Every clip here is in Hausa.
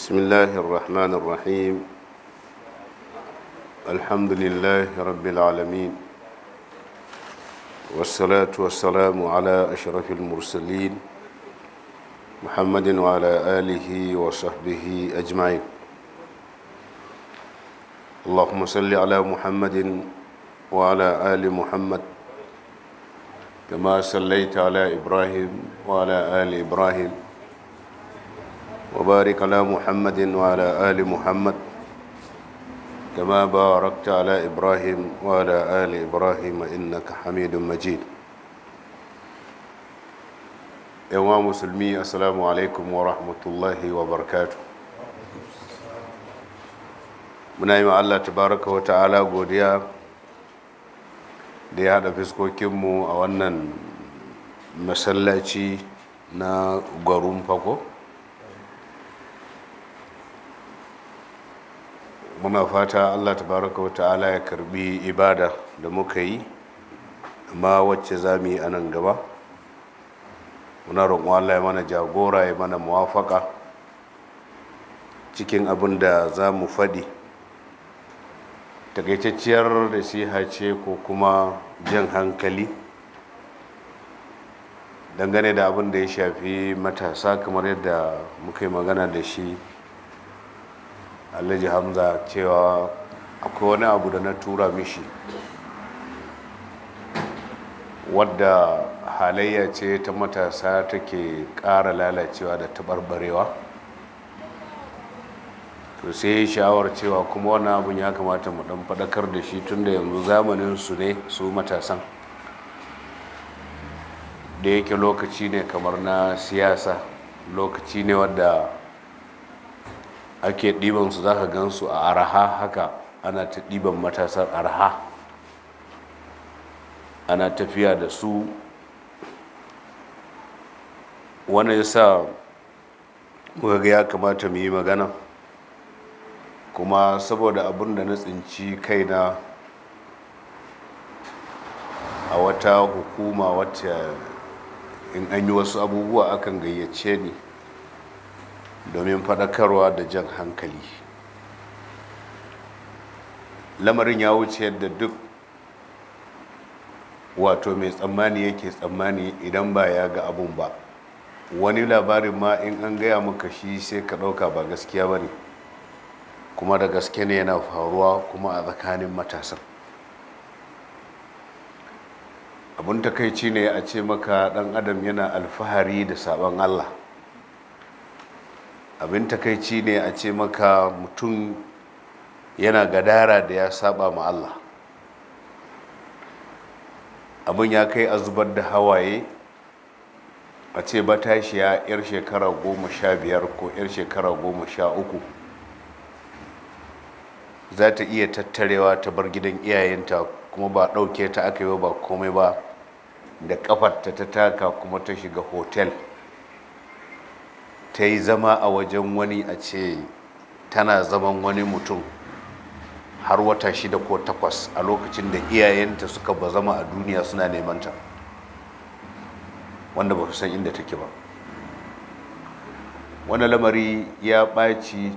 بسم الله الرحمن الرحيم الحمد لله رب العالمين والصلاة والسلام على أشرف المرسلين محمد وعلى آله وصحبه أجمعين اللهم صل على محمد وعلى آل محمد كما صليت على إبراهيم وعلى آل إبراهيم وبارك على محمد وعلى آل محمد كما باركت على إبراهيم وعلى آل إبراهيم إنك حميد مجيد يا مسلمي السلام عليكم ورحمة الله وبركاته muna yi Allah tabaraka wa ta'ala godiya da ya haɗa fiskokinmu a wannan masallaci na gwarin fako muna fata allah tabaraka wa ta'ala ya karbi ibada da muka yi ma wacce za mu yi a nan gaba muna roƙon allah ya mana jagora ya mana muwafaka cikin abin da za mu faɗi takaitacciyar shi ce ko kuma jan hankali dangane da abin da ya shafi matasa kamar yadda muka yi magana da shi alhaji hamza cewa akwai wani abu da na tura mishi wadda halayya ce ta matasa take ƙara lalacewa da taɓarɓarewa to sai ya sha'awar cewa kuma wani abu ya kamata mu ɗan faɗakar da shi tun da yanzu zamanin su ne su matasan da yake lokaci ne kamar na siyasa lokaci ne wadda ake ɗiban su za ka gan su a araha haka ana ta ɗiban matasar araha ana tafiya da su wani ya sa ga ya kamata mu yi magana kuma saboda abin da na tsinci kaina a wata hukuma wacce in an yi wasu abubuwa akan gayyace ni domin faɗakarwa da jan hankali lamarin ya wuce yadda duk wato mai tsammani yake tsammani idan ba ya ga abun ba wani labarin ma in an gaya maka shi sai ka ɗauka ba gaskiya ba ne kuma da gaske ne yana faruwa kuma a tsakanin matasan abun takaici ne a ce maka ɗan adam yana alfahari da sabon allah abin takaici ne a ce maka mutum yana gadara da ya saba ma Allah abin ya kai a zubar da hawaye a ce ba matashiya 'yar shekara goma sha biyar ko 'yar shekara goma sha uku za ta iya tattarewa ta bar gidan iyayenta kuma ba ɗauke ta aka yi ba komai ba da ƙafarta ta taka kuma ta shiga hotel ta yi zama a wajen wani a ce tana zaman wani mutum har wata shida ko takwas a lokacin da iyayenta suka ba zama a duniya suna nemanta ta wanda ba san inda take ba wani lamari ya ɓaci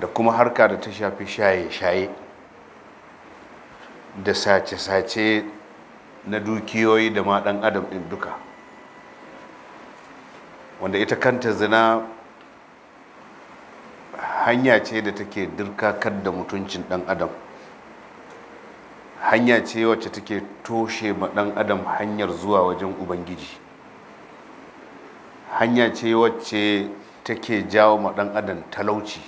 da kuma harka da ta shafi shaye-shaye da sace-sace na dukiyoyi da ma ɗan adam ɗin duka wanda ita kanta zina hanya ce da take dirkakar da mutuncin dan adam hanya ce wacce take toshe ma dan adam hanyar zuwa wajen ubangiji hanya ce wacce take jawo ma dan adam talauci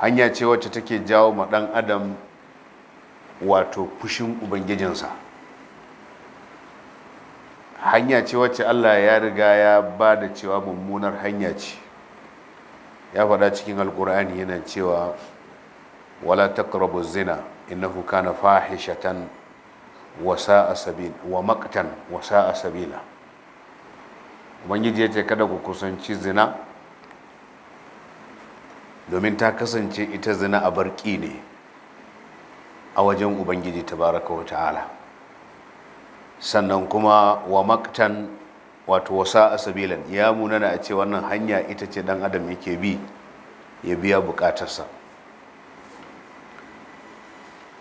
hanya ce wacce take jawo ma dan adam wato fushin ubangijinsa hanya ce wacce Allah ya riga ya ba da cewa mummunar hanya ce ya faɗa cikin alkur'ani yana cewa wala taqrabu zina innahu kana fahishatan wa sa'a wa maqtan wa sa'a sabila ubangiji yace kada ku kusanci zina domin ta kasance ita zina a barki ne a wajen ubangiji tabaraka wa ta'ala sannan kuma wa maktan wato wasa asabilan ya munana a ce wannan hanya ita ce dan adam yake bi ya biya bukatarsa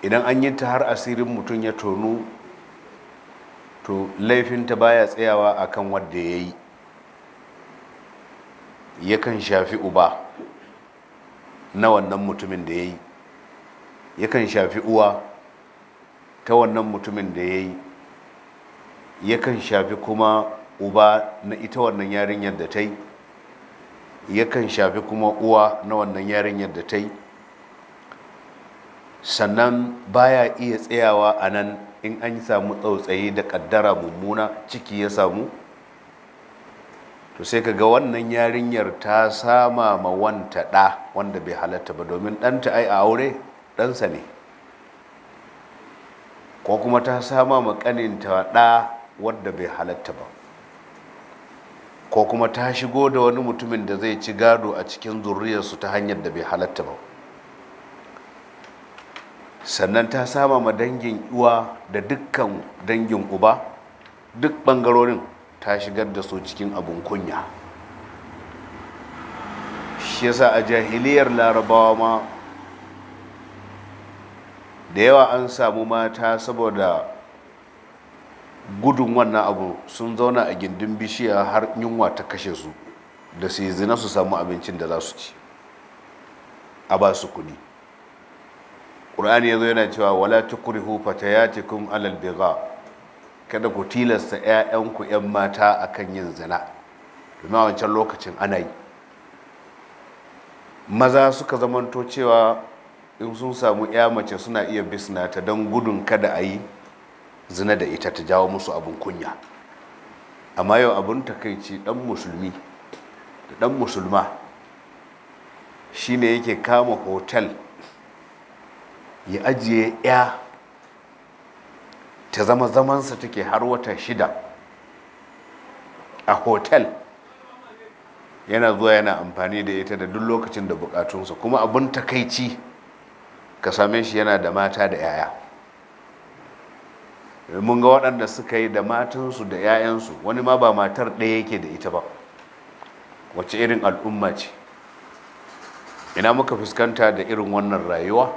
idan an yi ta har asirin mutum ya tonu to laifinta baya tsayawa akan wadda ya yi yakan shafi uba na wannan mutumin da ya yi yakan shafi uwa ta wannan mutumin da ya yi yakan shafi kuma uba na ita wannan yarinyar da ta yi yakan shafi kuma uwa na wannan yarinyar da ta yi sannan baya iya tsayawa a nan in an samu tsautsayi da kaddara mummuna ciki ya samu to sai ka ga wannan yarinyar ta sama ma wanta ɗa wanda bai halatta ba domin ɗanta ai a aure ɗansa ne ko kuma ta sama ma ƙaninta ɗa wadda bai halatta ba ko kuma ta shigo da wani mutumin da zai ci gado a cikin zurriyarsu ta hanyar da bai halatta ba sannan ta sama ma dangin uwa da dukkan dangin uba duk bangarorin ta shigar da su cikin abin kunya shi yasa a jahiliyar larabawa ma da yawa an samu mata saboda gudun wannan abu sun zauna a gindin bishiya har yunwa ta kashe su da su yi zina su samu abincin da za su ci a ba su kuɗi ƙur'ani ya zo yana cewa wala ta ya ce kun alal bigha kada ku tilasta 'ya'yanku 'yan mata akan yin zina domin a wancan lokacin ana yi maza suka zamanto cewa in sun samu 'ya mace suna iya bisna ta don gudun kada a yi zina da ita ta jawo musu abin kunya amma yau abin takaici dan musulmi da dan musulma shine yake kama hotel ya ajiye ya ta zama zamansa take har wata shida a hotel yana zuwa yana amfani da ita da duk lokacin da bukatunsa kuma abin takaici ka same shi yana da mata da 'ya'ya mun ga waɗanda suka yi da matansu da 'ya'yansu wani ma ba matar ɗaya yake da ita ba wacce irin al'umma ce ina muka fuskanta da irin wannan rayuwa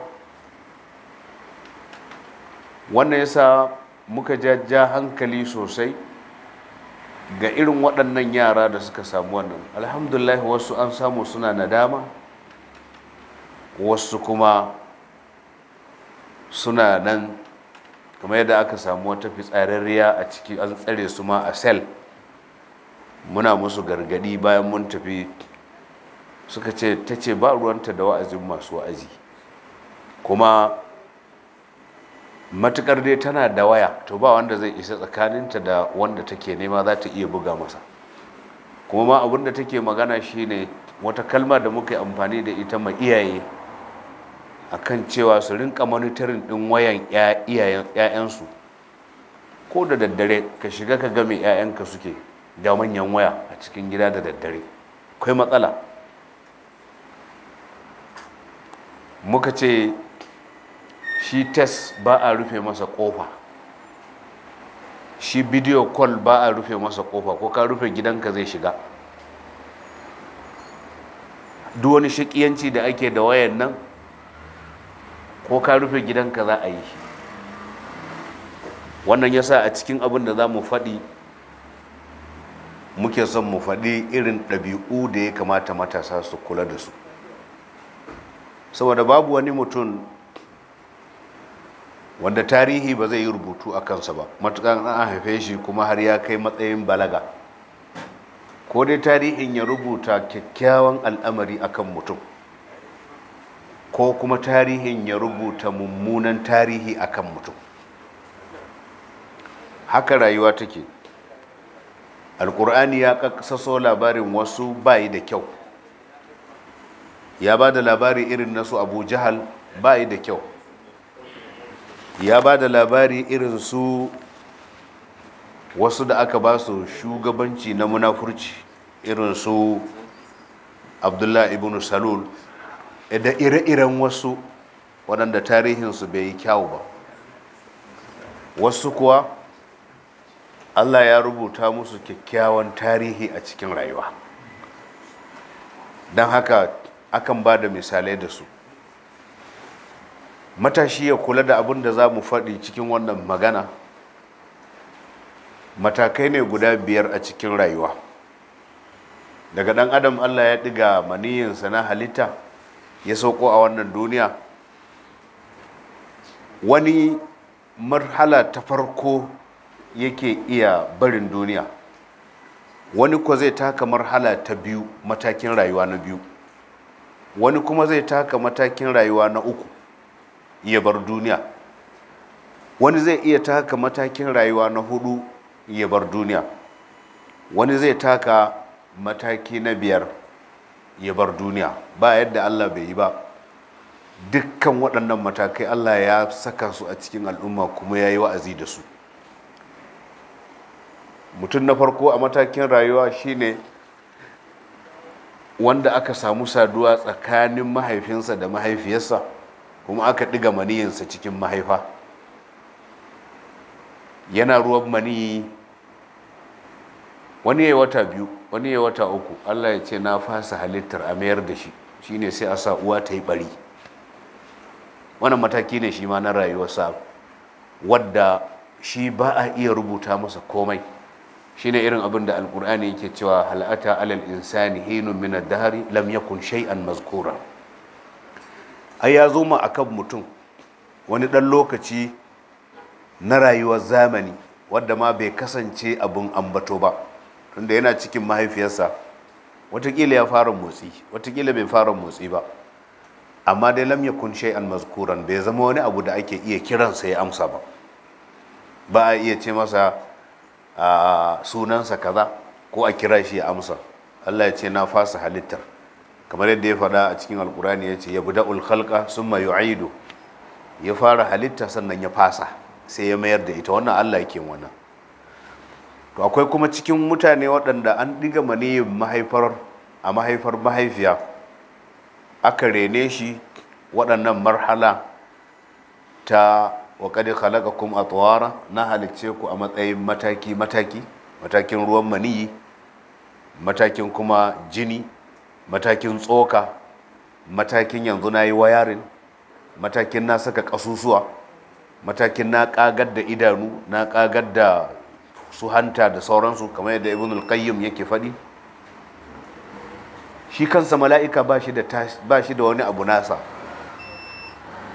wannan yasa muka jajja hankali sosai ga irin waɗannan yara da suka samu wannan alhamdulillah wasu an samu suna nadama wasu kuma suna nan kamar yadda aka samu wata fitsararriya a ciki an tsare su ma a sel muna musu gargadi bayan mun tafi suka ce ta ce ba ruwanta da wa'azin masu wa'azi kuma matukar dai tana da waya to ba wanda zai isa tsakaninta da wanda take nema za ta iya buga masa kuma ma abinda take magana shine wata kalma da muka yi amfani da ita ma iyaye akan cewa su rinka monitorin din wayan ‘ya'yansu ko da daddare ka shiga ka game ‘ya'yanka suke da manyan waya a cikin gida da daddare akwai matsala muka ce shi test ba a rufe masa kofa shi bidiyo call ba a rufe masa kofa ko ka rufe gidanka zai shiga duk wani shakiyanci da ake da wayan nan ko ka rufe gidanka za a yi shi wannan ya sa a cikin abin da za mu faɗi muke son mu faɗi irin ɗabi'u da ya kamata matasa su kula da su saboda babu wani mutum wanda tarihi ba zai yi rubutu a kansa ba matukan an haife shi kuma har ya kai matsayin balaga ko dai tarihin ya rubuta kyakkyawan al'amari akan mutum ko kuma tarihin ya rubuta mummunan tarihi a kan mutum haka rayuwa take alkur'ani ya kaksaso labarin wasu bayi da kyau ya ba da labari irin nasu abu jihal bayi da kyau ya ba da labari irin su wasu da aka ba su shugabanci na munafurci irin su abdullahi ibn salul Eh, da ire-iren wasu waɗanda tarihinsu bai yi kyau ba wasu kuwa allah ya rubuta musu kyakkyawan tarihi a cikin rayuwa don haka akan ba da misalai da su matashi ya kula da abin da za mu faɗi cikin wannan magana matakai ne guda biyar a cikin rayuwa daga ɗan adam allah ya ɗiga maniyinsa na halitta ya sauko a wannan duniya wani marhala ta farko yake iya barin duniya wani ko zai taka marhala ta biyu matakin rayuwa na biyu wani kuma zai taka matakin rayuwa na uku ya bar duniya wani zai iya taka matakin rayuwa na hudu ya bar duniya wani zai taka mataki na biyar ya bar duniya ba yadda Allah bai yi ba dukkan waɗannan matakai Allah ya saka su a cikin al'umma kuma ya yi wa'azi da su mutum na farko a matakin rayuwa shine wanda aka samu saduwa tsakanin mahaifinsa da mahaifiyarsa kuma aka ɗiga maniyinsa cikin mahaifa yana ruwan maniyi wani ya yi wata biyu wani ya wata uku allah ya ce na fasa halittar a mayar da shi shine sai a sa uwa ta yi bari wannan mataki ne shi ma na rayuwarsa wadda shi ba a iya rubuta masa komai Shi ne irin abin da alkur'ani yake cewa hal'ata alal insani hinu min dahari dahri lam yakun shay'an mazkura ai ya zo ma akan mutum wani dan lokaci na rayuwar zamani wadda ma bai kasance abin ambato ba tunda yana cikin mahaifiyarsa watakila ya fara motsi watakila bai fara motsi ba amma dai lam yakun shay'an mazkuran bai zama wani abu da ake iya kiransa ya amsa ba ba a iya ce masa a sunansa kaza ko a kira shi ya amsa Allah ya ce na fasa halittar kamar yadda ya faɗa a cikin alkurani ya ce ya buda ulkhalka sun ma ya fara halitta sannan ya fasa sai ya mayar da ita wannan Allah ke wannan to akwai kuma cikin mutane waɗanda an ɗiga maniyin mahaifar a mahaifar mahaifiya aka rene shi waɗannan marhala ta waƙadi a tsawara?" na halicce ku a matsayin mataki mataki matakin ruwan maniyi matakin kuma jini matakin tsoka matakin yanzu na yi wayarin matakin na saka ƙasusuwa matakin na ƙagar da idanu na ƙagar da su hanta da sauransu kamar yadda ibn al-qayyim yake faɗi shi kansa mala'ika ba shi da wani abu nasa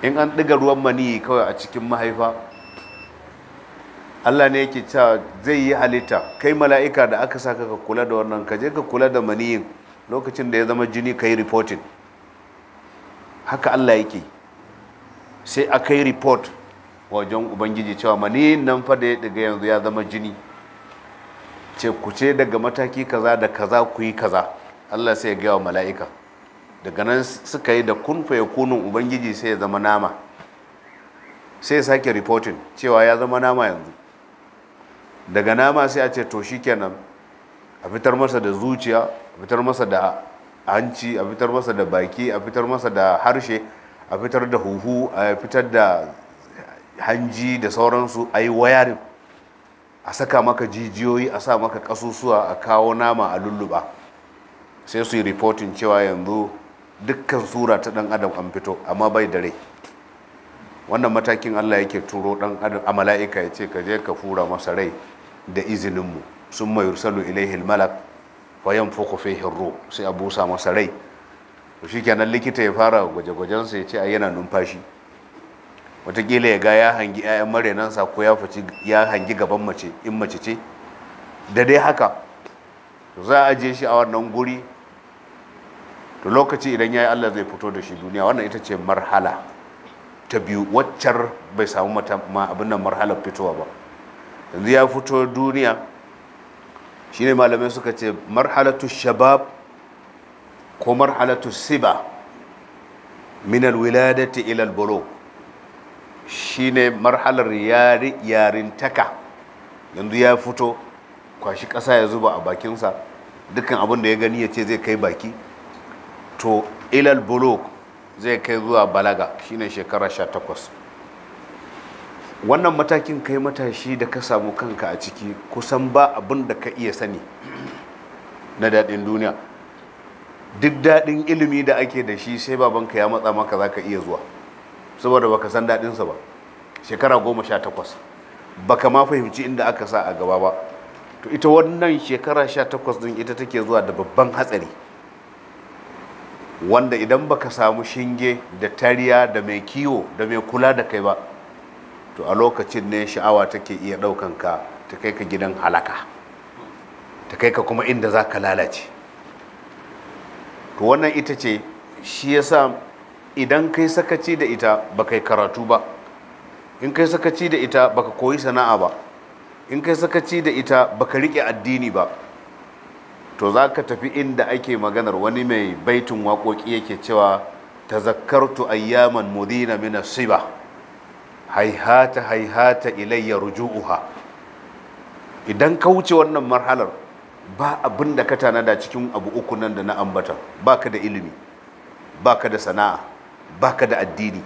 in an ɗiga ruwan maniyi kawai a cikin mahaifa Allah ne yake cewa zai yi halitta kai mala'ika da aka saka ka kula da wannan ka je ka kula da maniyin lokacin da ya zama jini ka yi reporting haka Allah yake sai aka yi report wajen ubangiji cewa maniyin nan fa da ya ɗiga yanzu ya zama jini ce ku ce daga mataki kaza da kaza ku yi kaza Allah sai ya gaya wa mala'ika daga nan suka yi da kun fa kunun ubangiji sai ya zama nama sai ya sake reporting cewa ya zama nama yanzu daga nama sai a ce to shikenan a fitar masa da zuciya a fitar masa da hanci a fitar masa da baki a fitar masa da harshe a fitar da huhu a fitar da hanji da sauransu a yi wayarin a saka maka jijiyoyi a sa maka kasusuwa a kawo nama a lulluba sai su yi reporting cewa yanzu dukkan sura ta dan adam an fito amma bai dare wannan matakin allah yake turo dan adam a mala'ika ya ce ka je ka fura masa rai da izininmu sun mai yursalu ilaihil malak fayan fuku fihin ruh sai a busa masa rai to kenan likita ya fara gwaje-gwajensa ya ce a yana numfashi watakila ya ga ya hangi 'ya'yan marainansa ko ya fici ya hangi gaban mace in mace ce da dai haka za a je shi a wannan guri to lokaci idan ya yi allah zai fito da shi duniya wannan ita ce marhala ta biyu waccar bai samu abin nan marhalar fitowa ba yanzu ya fito duniya shine malamai suka ce marhalatu shabab ko marhalatu siba min alwiladati ila albulugh shine marhalar yarintaka yanzu ya fito kwashi ƙasa ya zuba a bakinsa dukkan abin da ya gani ya ce zai kai baki to ilal buluk zai kai zuwa balaga shine shekara sha takwas wannan matakin kai matashi da ka samu kanka a ciki kusan ba abin da ka iya sani na daɗin duniya duk daɗin ilimi da ake da shi sai babanka ya matsa maka za ka iya zuwa saboda baka san daɗinsa ba shekara goma sha takwas baka ma fahimci inda aka sa a gaba ba to ita wannan shekara sha takwas din ita take zuwa da babban hatsari wanda idan baka samu shinge da tariya da mai kiwo da mai kula da kai ba to a lokacin ne sha'awa take iya ɗaukan ka ta kai ka gidan halaka ta kai ka kuma inda za ka lalace to wannan ita ce shi yasa idan kai sakaci da ita ba kai karatu ba in kai sakaci da ita baka koyi sana'a ba in kai sakaci da ita baka rike addini ba to za ka tafi inda ake maganar wani mai baitin waƙoƙi yake cewa tazakkartu ayyaman mudina mina siba haihata haihata ilayya ruju'uha idan ka wuce wannan marhalar ba abin da ka tanada cikin abu uku nan da na ambata ba ka da ilimi ba ka da sana'a baka da addini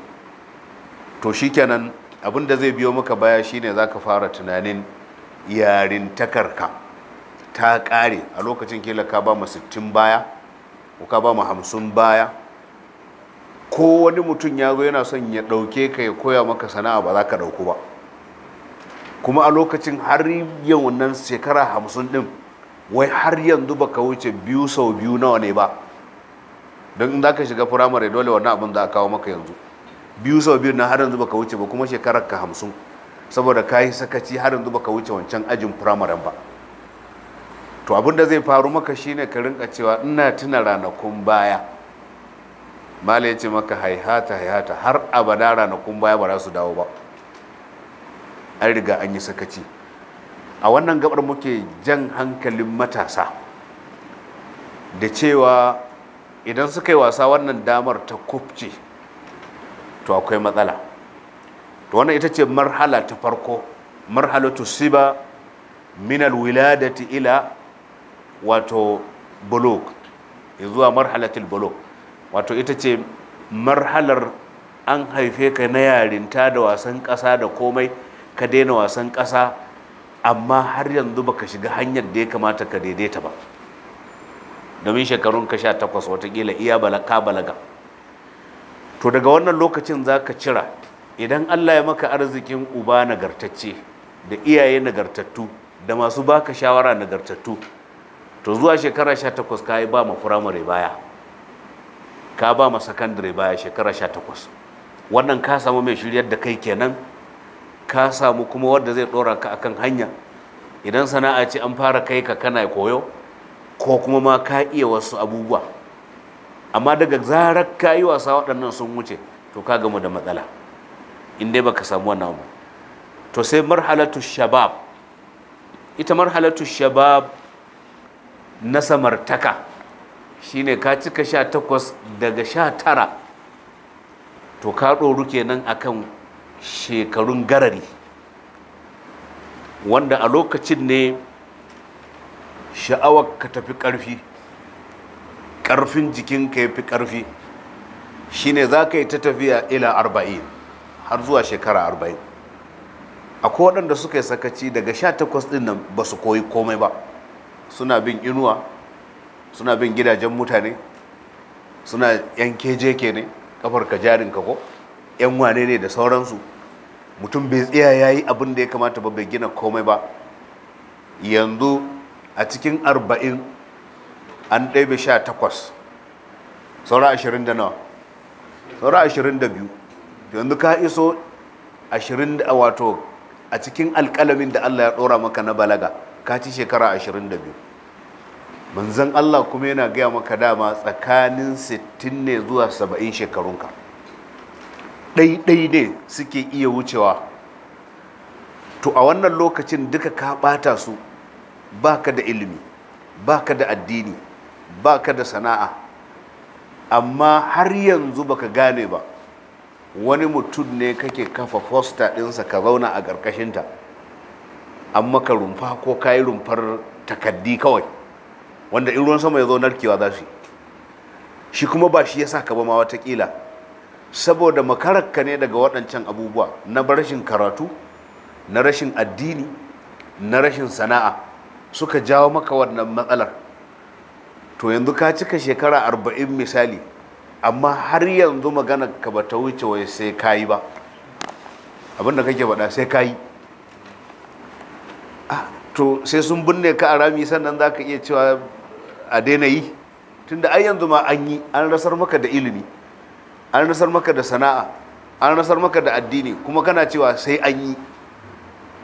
to shikenan abin da zai biyo maka baya shine zaka fara tunanin yarin takarka ta kare a lokacin kila ka ba mu 60 baya ko ka ba mu 50 baya ko wani mutum ya zo yana son ya ɗauke ka ya koya maka sana'a ba za ka dauku ba kuma a lokacin har yau nan shekara hamsin ɗin wai har yanzu baka wuce biyu sau biyu nawa ne ba don za ka shiga firamare dole wannan abin za a kawo maka yanzu biyu sau biyu na har yanzu baka wuce ba kuma shekarar ka hamsin saboda ka yi sakaci har yanzu baka wuce wancan ajin firamaren ba to abin da zai faru maka shine ka rinka cewa ina tuna ranakun baya mala ya ce maka haihata haihata har abada ranakun baya ba za su dawo ba an riga an yi sakaci a wannan gabar muke jan hankalin matasa da cewa idan suka yi wasa wannan damar ta kubce to akwai matsala to wannan ita ce marhala ta farko marhalatu siba min alwiladati ila wato buluk zuwa marhalatul bulog. wato ita ce marhalar an haife ka na yarinta da wasan ƙasa da komai ka daina wasan ƙasa amma har yanzu baka shiga hanyar da ya kamata ka daidaita ba domin shekarun ka sha takwas watakila iya balaka balaga to daga wannan lokacin za ka cira idan allah ya maka arzikin uba nagartacce da iyaye nagartattu da masu baka shawara nagartattu to zuwa shekara sha takwas ka yi ba ma firamare baya ka ba ma sakandare baya shekara sha takwas wannan ka samu mai shiryar da kai kenan ka samu kuma wadda zai ɗora ka akan hanya idan sana'a ce an fara kai ka kana koyo ko kuma ma ka iya wasu abubuwa amma daga zarar ka yi wasa waɗannan sun wuce to ka gama da matsala in dai baka samu wannan ba to sai marhalatu shabab ita marhalatu shabab na samartaka shine ka cika sha takwas daga sha tara to ka ɗoru kenan akan shekarun garari wanda a lokacin ne sha'awar ka tafi ƙarfi ƙarfin jikin ka fi ƙarfi shine za ka yi ta tafiya ila arba'in har zuwa shekara arba'in akwai waɗanda suka yi sakaci daga sha takwas ɗin nan ba su koyi komai ba suna bin inuwa suna bin gidajen mutane suna yan ke ne kafar ka jarin ka ko yan wane ne da sauransu mutum bai tsaya ya yi abin da ya kamata ba bai gina komai ba yanzu a cikin arba'in an ɗaibe sha takwas saura ashirin da nawa saura ashirin da biyu yanzu ka iso ashirin da wato a cikin alƙalamin da allah ya ɗora maka na balaga ka ci shekara ashirin da biyu manzan allah kuma yana gaya maka dama tsakanin sittin ne zuwa saba'in shekarunka ɗaiɗai ne suke iya wucewa to a wannan lokacin duka ka ɓata su Ba ka da ilimi ba ka da addini ba ka da sana'a amma har yanzu baka gane ba wani mutum ne kake kafa fosta ɗinsa ka zauna a ƙarƙashinta amma ka rumfa ko ka yi rumfar takaddi kawai wanda in sama ya zo narkewa za su shi kuma ba shi ya sa ka ba ma watakila saboda makararka ne daga waɗancan abubuwa na rashin karatu na rashin addini na rashin sana'a suka jawo maka wannan matsalar to yanzu ka cika shekara arba'in misali amma har yanzu magana ka ba ta wuce wai sai ka yi ba abinda kake faɗa sai ka yi ah, to sai sun binne ka a rami sannan za ka iya cewa a daina yi Tun da ai yanzu ma an yi an rasar maka da ilimi an rasar maka da sana'a an rasar maka da addini kuma kana cewa sai an yi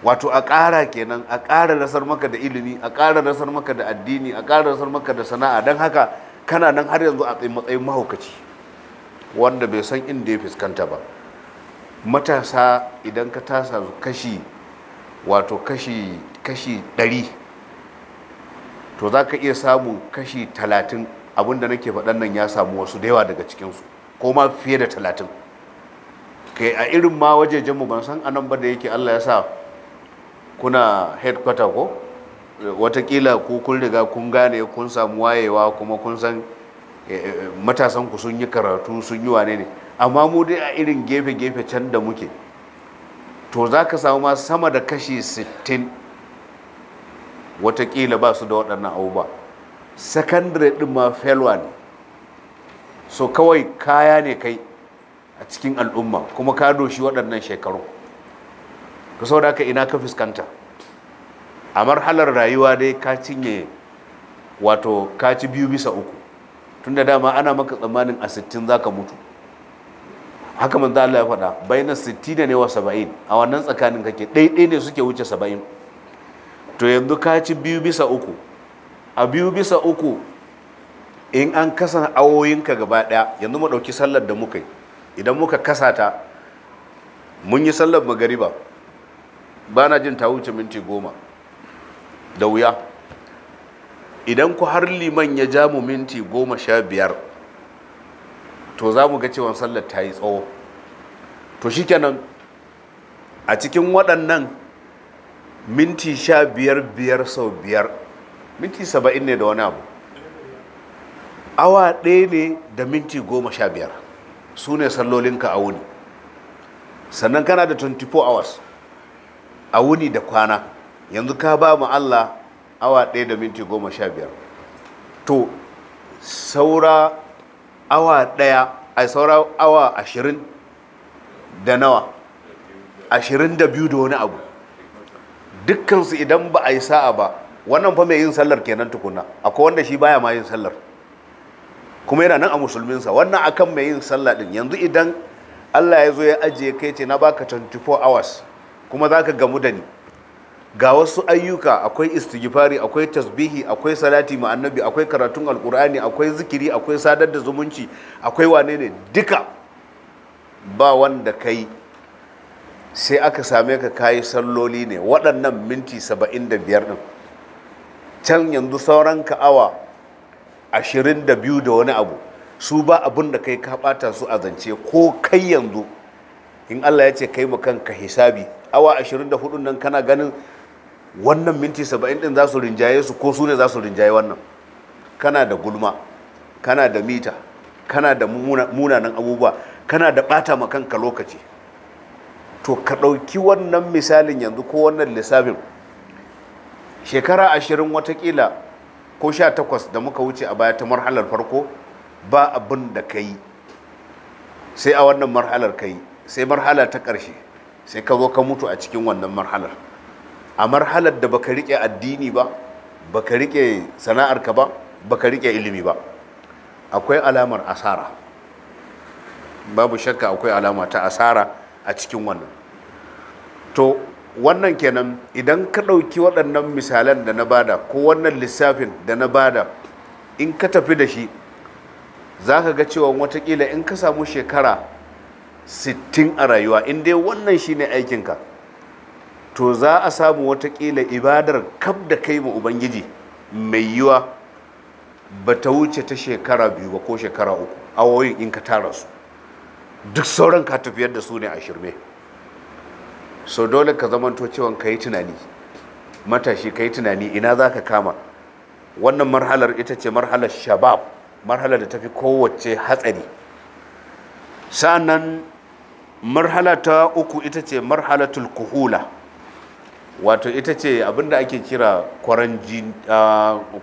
wato a ƙara kenan a ƙara rasar maka da ilimi a ƙara rasar maka da addini a ƙara rasar maka da sana'a don haka kana nan har yanzu a matsayin mahaukaci wanda bai san inda ya fuskanta ba matasa idan ka tasa kashi wato kashi kashi ɗari to za ka iya samun kashi talatin abinda nake faɗan nan ya samu wasu da yawa daga cikinsu ko ma fiye da talatin kai a irin ma wajejenmu ban san anan ba da yake allah ya sa kuna headquarter ko watakila ku kun riga kun gane kun samu wayewa kuma kun san eh, eh, eh, matasan ku sun yi karatu sun yi wane ne amma mu dai a irin gefe-gefe can da muke to za ka samu ma sama da kashi 60 watakila ba su da waɗannan ba secondary ɗin ma felwa ne so kawai kaya ne kai a cikin al'umma kuma ka doshi waɗannan shekaru ka da haka ina ka fuskanta a marhalar rayuwa dai ka cinye wato ka ci biyu bisa uku tun da dama ana maka tsammanin a sittin za ka mutu haka manzo Allah ya faɗa baina sittina ne wa saba'in a wannan tsakanin kake ɗaiɗai ne suke wuce saba'in to yanzu ka ci biyu bisa uku a biyu bisa uku in an kasa awoyinka gaba ɗaya yanzu mu ɗauki sallar da muka yi idan muka kasa ta mun yi sallar magariba ba na jin ta wuce minti goma da wuya idan ku har liman ya ja mu minti goma sha biyar to za mu ga cewa sallar ta yi tsawo to shikenan a cikin waɗannan minti sha biyar biyar sau biyar minti saba'in ne da wani abu awa ɗaya ne da minti goma sha biyar su ne sallolinka a wuni sannan kana da 24 hours a wuni da kwana yanzu ka ba mu Allah awa ɗaya da minti goma sha biyar to saura awa ɗaya a saura awa ashirin da nawa ashirin da biyu da wani abu dukkansu idan ba a yi sa'a ba wannan fa mai yin sallar kenan tukuna akwai wanda shi baya ma yin sallar kuma yana nan a musulminsa wannan akan mai yin sallah din yanzu idan Allah ya zo ya ajiye kai ce na baka 24 hours kuma za ka gamu da ni ga wasu ayyuka akwai istighfari akwai tasbihi akwai salati ma annabi akwai karatun alkur'ani akwai zikiri akwai sadar da zumunci akwai wane ne duka ba wanda kai sai aka same ka kayi salloli ne waɗannan minti 75 ɗin can yanzu sauran ka awa 22 da wani abu su ba abin da kai ka ɓata su a zance ko kai yanzu in Allah ya ce kai ma kanka hisabi awa 24 nan kana ganin wannan minti 70 din za su rinjaye su ko su ne za su rinjaye wannan kana da gulma kana da mita kana da munanan abubuwa kana da bata ma kanka lokaci to ka ɗauki wannan misalin yanzu ko wannan lissafin shekara ashirin watakila ko sha takwas da muka wuce a baya ta marhalar farko ba abin da ka yi sai a wannan marhalar ka yi sai marhala ta ƙarshe sai ka zo ka mutu a cikin wannan marhalar a marhalar da baka rike addini ba baka rike sana'arka ba baka rike ilimi ba akwai alamar asara babu shakka akwai alama ta asara a cikin wannan to wannan kenan idan ka ɗauki waɗannan misalan da na bada ko wannan lissafin da na bada in ka tafi da shi za ka ga cewa watakila in ka samu shekara sittin a rayuwa in dai wannan shine aikinka to za a samu watakila ibadar kab da kai ma ubangiji mai yiwa ba ta wuce ta shekara biyu ba ko shekara uku awoyin in ka tara su duk sauran ka tafiyar da su ne a shirme so dole ka zamanto cewa ka yi tunani matashi ka yi tunani ina za ka kama wannan marhalar ita ce marhalar shabab marhalar da ta fi kowace hatsari nan. marhala ta uku ita ce marhalatul kuhula wato ita ce abinda ake kira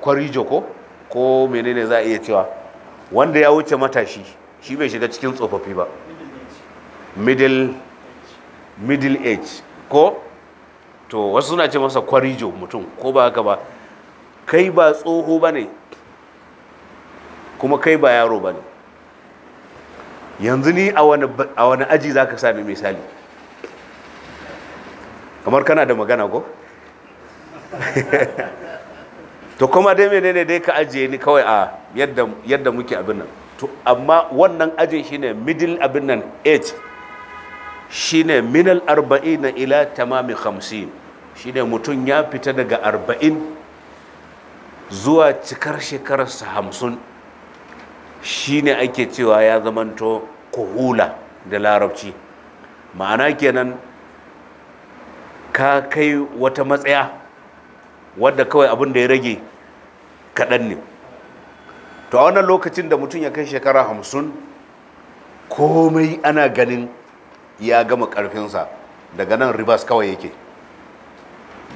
kwarijo ko ko menene za a iya cewa wanda ya wuce matashi shi bai shiga cikin tsofaffi ba middle age ko to wasu suna ce masa kwarijo mutum ko ba haka ba kai ba tsoho ba ne kuma kai ba yaro ba ne yanzu ni a wani aji za ka sami misali kamar kana da magana ko? to kuma dai menene dai ka ajiye ni kawai a yadda muke abin nan to amma wannan ajin shine middle abin nan age shine minal arba'in ila tamami hamsin shine mutum ya fita daga arba'in zuwa cikar shekararsa hamsin shi shine ake cewa ya zamanto kuhula da larabci ma'ana kenan ka kai wata matsaya wadda kawai abin da ya rage kaɗan ne to a wannan lokacin da mutum ya kai shekara hamsin komai ana ganin ya gama ƙarfinsa daga nan ribas kawai yake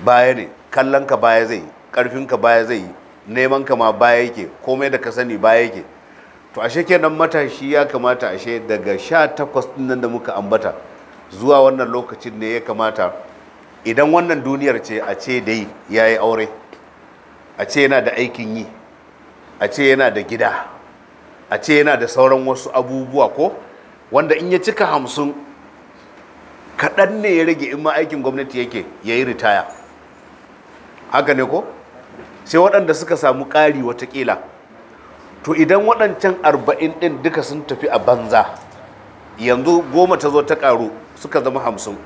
baya ne kallonka baya zai ƙarfinka baya zai ka ma baya yake komai da ka sani baya yake to ashe kenan matashi ya kamata ashe daga sha takwas nan da muka ambata zuwa wannan lokacin ne ya kamata idan wannan duniyar ce a ce dai ya yi aure a ce yana da aikin yi a ce yana da gida a ce yana da sauran wasu abubuwa ko wanda in ya cika hamsin kaɗan ne ya rage in ma aikin gwamnati yake ya yi ritaya haka ne ko sai waɗanda suka samu ƙari watakila to idan waɗancan arba'in ɗin duka sun tafi a banza yanzu goma ta zo ta ƙaru suka zama hamsin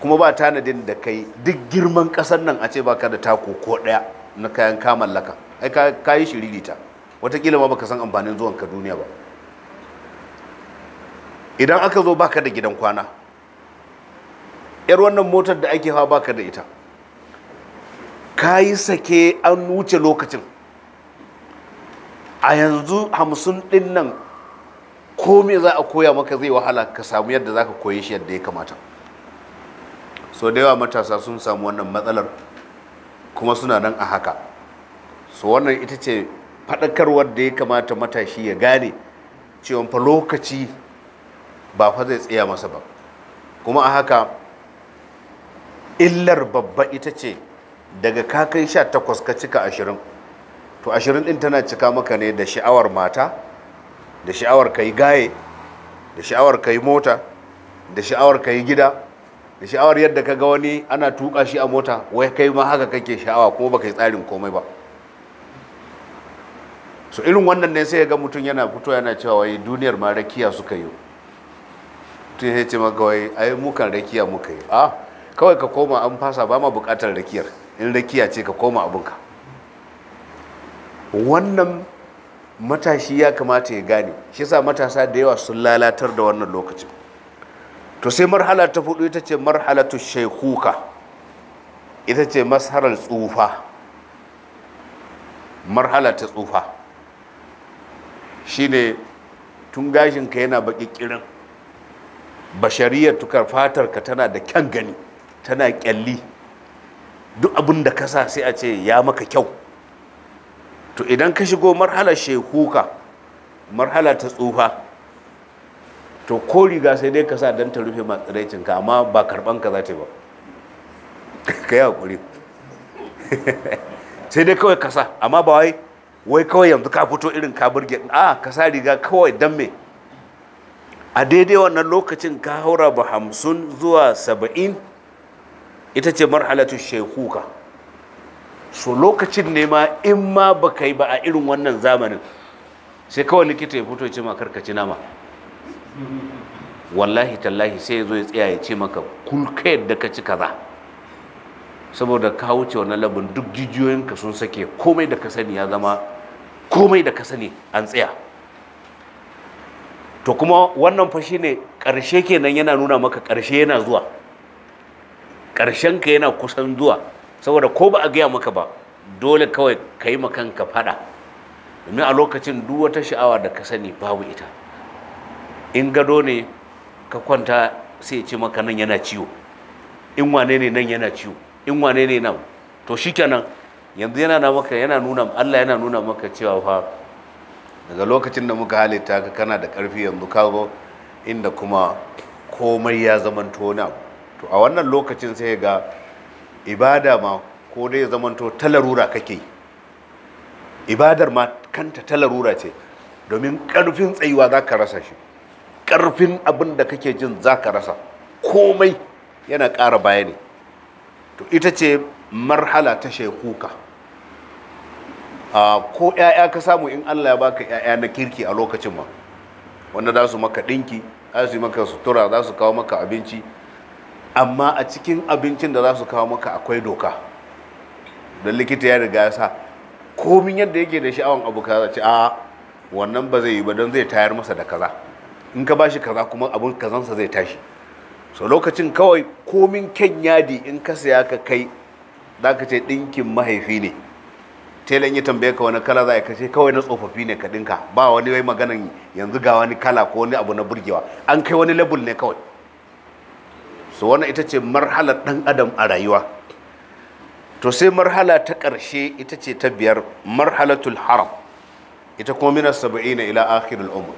kuma ba tanadin da kai duk girman ƙasar nan a ce ba ka da tako ko ɗaya na kayan ka mallaka ai ka yi shiririta watakila ma baka san amfanin zuwan ka duniya ba idan aka zo baka da gidan kwana yar wannan motar da ake hawa baka da ita ka yi sake an wuce lokacin a yanzu hamsin ɗin nan ko me za a koya maka zai wahala ka samu yadda za ka koye shi yadda ya kamata so da yawa matasa sun samu wannan matsalar kuma suna nan a haka so wannan ita ce faɗakarwar da ya kamata matashi ya gane cewa fa lokaci ba fa zai tsaya masa ba kuma a haka illar babba ita ce daga kakan sha takwas ka cika ashirin to ashirin ɗin tana cika maka ne da sha'awar mata da sha'awar kai gaye da sha'awar kai mota da sha'awar kai gida da sha'awar yadda ka ga wani ana tuka shi a mota wai kai ma haka kake sha'awa kuma baka yi tsarin komai ba so irin wannan ne sai ya ga mutum yana fito yana cewa wai duniyar ma rakiya suka yi tun ya ce maka wai ai mukan rakiya muka yi a ah, kawai ka koma an fasa ba ma bukatar rakiyar in rakiya ce ka koma abinka wannan matashi ya kamata ya gane shi sa matasa da yawa sun lalatar da wannan lokacin to sai marhala ta hudu ita ce marhalatu shaikuka ita ce masarar tsufa marhala ta tsufa shine tun gashinka yana baƙiƙirin bashariyar tukar fatarka tana da kyan gani tana ƙyalli duk abin da ka sai a ce ya maka kyau to idan ka shigo marhalar shekuka marhala ta tsufa to ko riga sai dai ka sa don ta rufe ka. amma ba karban ka za ta ba ka yi hakuri sai dai kawai ka sa amma ba wai wai kawai yanzu ka fito irin ka burge a ka sa riga kawai don me a daidai wannan lokacin ka haura ba hamsin zuwa saba'in ita ce marhalatu shekuka so lokacin ne ma in ma ba yi ba a irin wannan zamanin sai kawai likita ya fito ce ma karkaci nama wallahi tallahi sai ya zo ya tsaya ya ce maka kulka yadda ka ci kaza saboda ka wuce wannan labin duk jijiyoyinka sun sake komai da ka sani ya zama komai da ka sani an tsaya to kuma wannan fa ne ƙarshe kenan yana nuna maka karshe yana zuwa ƙarshenka yana kusan zuwa saboda ko ba a gaya maka ba dole kawai ka yi makanka fada domin a lokacin duk wata sha'awa da ka sani babu ita in gado ne ka kwanta sai ce maka nan yana ciwo in wane ne nan yana ciwo in wane ne nan to shikenan yanzu yana na maka yana nuna Allah yana nuna maka cewa fa daga lokacin da muka halitta ka kana da karfi yanzu ka zo inda kuma komai ya zamanto na to a wannan lokacin sai ga ibada ma ko dai zamanto talarura kake ibadar ma kanta talarura ce domin ƙarfin tsayuwa za ka rasa shi ƙarfin abin da kake jin za ka rasa komai yana ƙara bayani to ita ce marhala ta shekuka ko 'ya'ya ka samu in allah ya baka 'ya'ya na kirki a lokacin ma wanda za su maka ɗinki za su yi maka sutura za su kawo maka abinci amma a cikin abincin da za su kawo maka akwai doka don likita ya riga ya sa komin yadda yake da sha'awan abu za ce a wannan ba zai yi ba don zai tayar masa da kaza in ka bashi kaza kuma abin kazansa zai tashi so lokacin kawai komin kyan yadi in ka saya ka kai za ka ce ɗinkin mahaifi ne telan ya tambaye ka wani kala za ka ce kawai na tsofaffi ne ka ɗinka ba wani wai maganan yanzu ga wani kala ko wani abu na burgewa an kai wani labul ne kawai so wannan ita ce marhalar ɗan adam a rayuwa to sai marhala ta ƙarshe ita ce ta biyar marhalatul haram ita kuma mina ne ila akhirul umur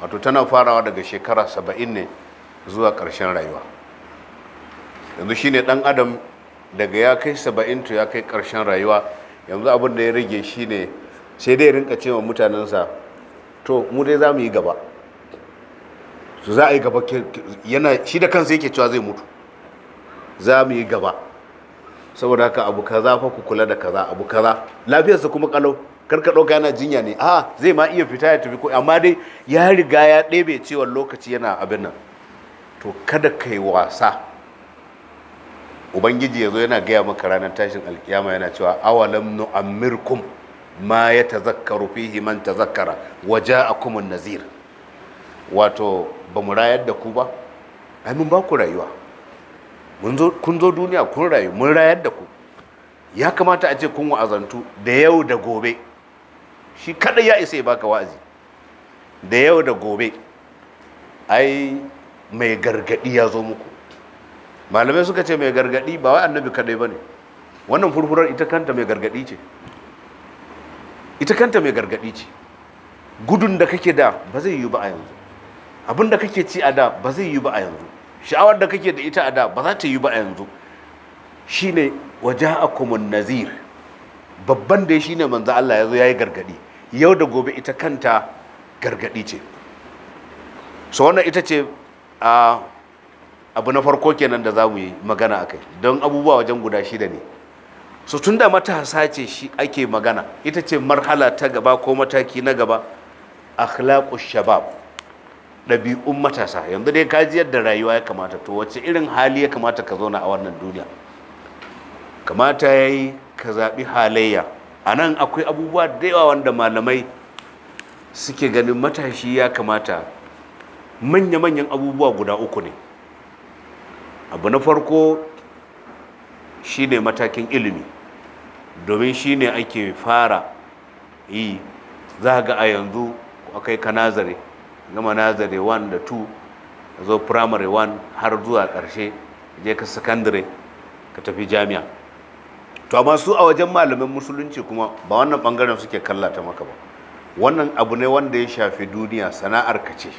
wato tana farawa daga shekara saba'in ne zuwa ƙarshen rayuwa yanzu shine ɗan adam daga ya kai saba'in to ya kai karshen rayuwa yanzu abin da ya rage shine sai dai rinka cewa mutanensa to mu dai za mu yi gaba su za a yi gaba yana shi da kansa yake cewa zai mutu za mu yi gaba saboda haka abu kaza fa ku kula da kaza abu kaza lafiyarsa kuma kalau karka ɗauka yana jinya ne a zai ma iya fita ya tafi ko amma dai ya riga ya ɗebe cewa lokaci yana abin nan to kada ka yi wasa ubangiji ya zo yana gaya maka ranar tashin alkiyama yana cewa awalam amirkum ma ya tazakkaru fihi man tazakkara waja kuma nazir wato ba mu rayar da ku ba ai mun ba ku rayuwa kun zo duniya kun rayu mun rayar da ku ya kamata a ce kun wa'azantu da yau da gobe shi kada ya isa ya baka wa'azi da yau da gobe ai mai gargadi ya zo muku malamai suka ce mai gargadi ba wai annabi kadai bane wannan furfurar ita kanta mai gargadi ce ita kanta mai gargadi ce gudun da kake da ba zai yi ba a yanzu abin da kake ci a da ba zai yi ba a yanzu sha'awar da kake da ita a da ba za ta yi ba a yanzu shine waja'akumun nazir babban da shine manzo Allah ya zo ya yi gargadi yau da gobe ita kanta gargadi ce so wannan ita ce a abu na farko kenan da za mu yi magana a kai don abubuwa wajen guda shida ne so tun da matasa ce shi ake magana ita ce marhala ta gaba ko mataki na gaba akhlaqu shabab ɗabi'un matasa yanzu dai kaji yadda rayuwa ya kamata to wace irin hali ya kamata ka zauna a wannan duniya kamata ya yi ka zaɓi halayya a nan akwai abubuwa da yawa wanda malamai suke ganin matashi ya kamata manya-manyan abubuwa guda uku ne abu na farko shi ne matakin ilimi domin shi ne ake fara yi za ga a yanzu akai ka nazare gama nazari 1 da 2 zo primary 1 har zuwa ƙarshe je ka secondary ka tafi jami'a to amma su a wajen malamin musulunci kuma ba wannan bangaren suke kallata maka ba wannan abu ne wanda ya shafi duniya sana'ar ka ce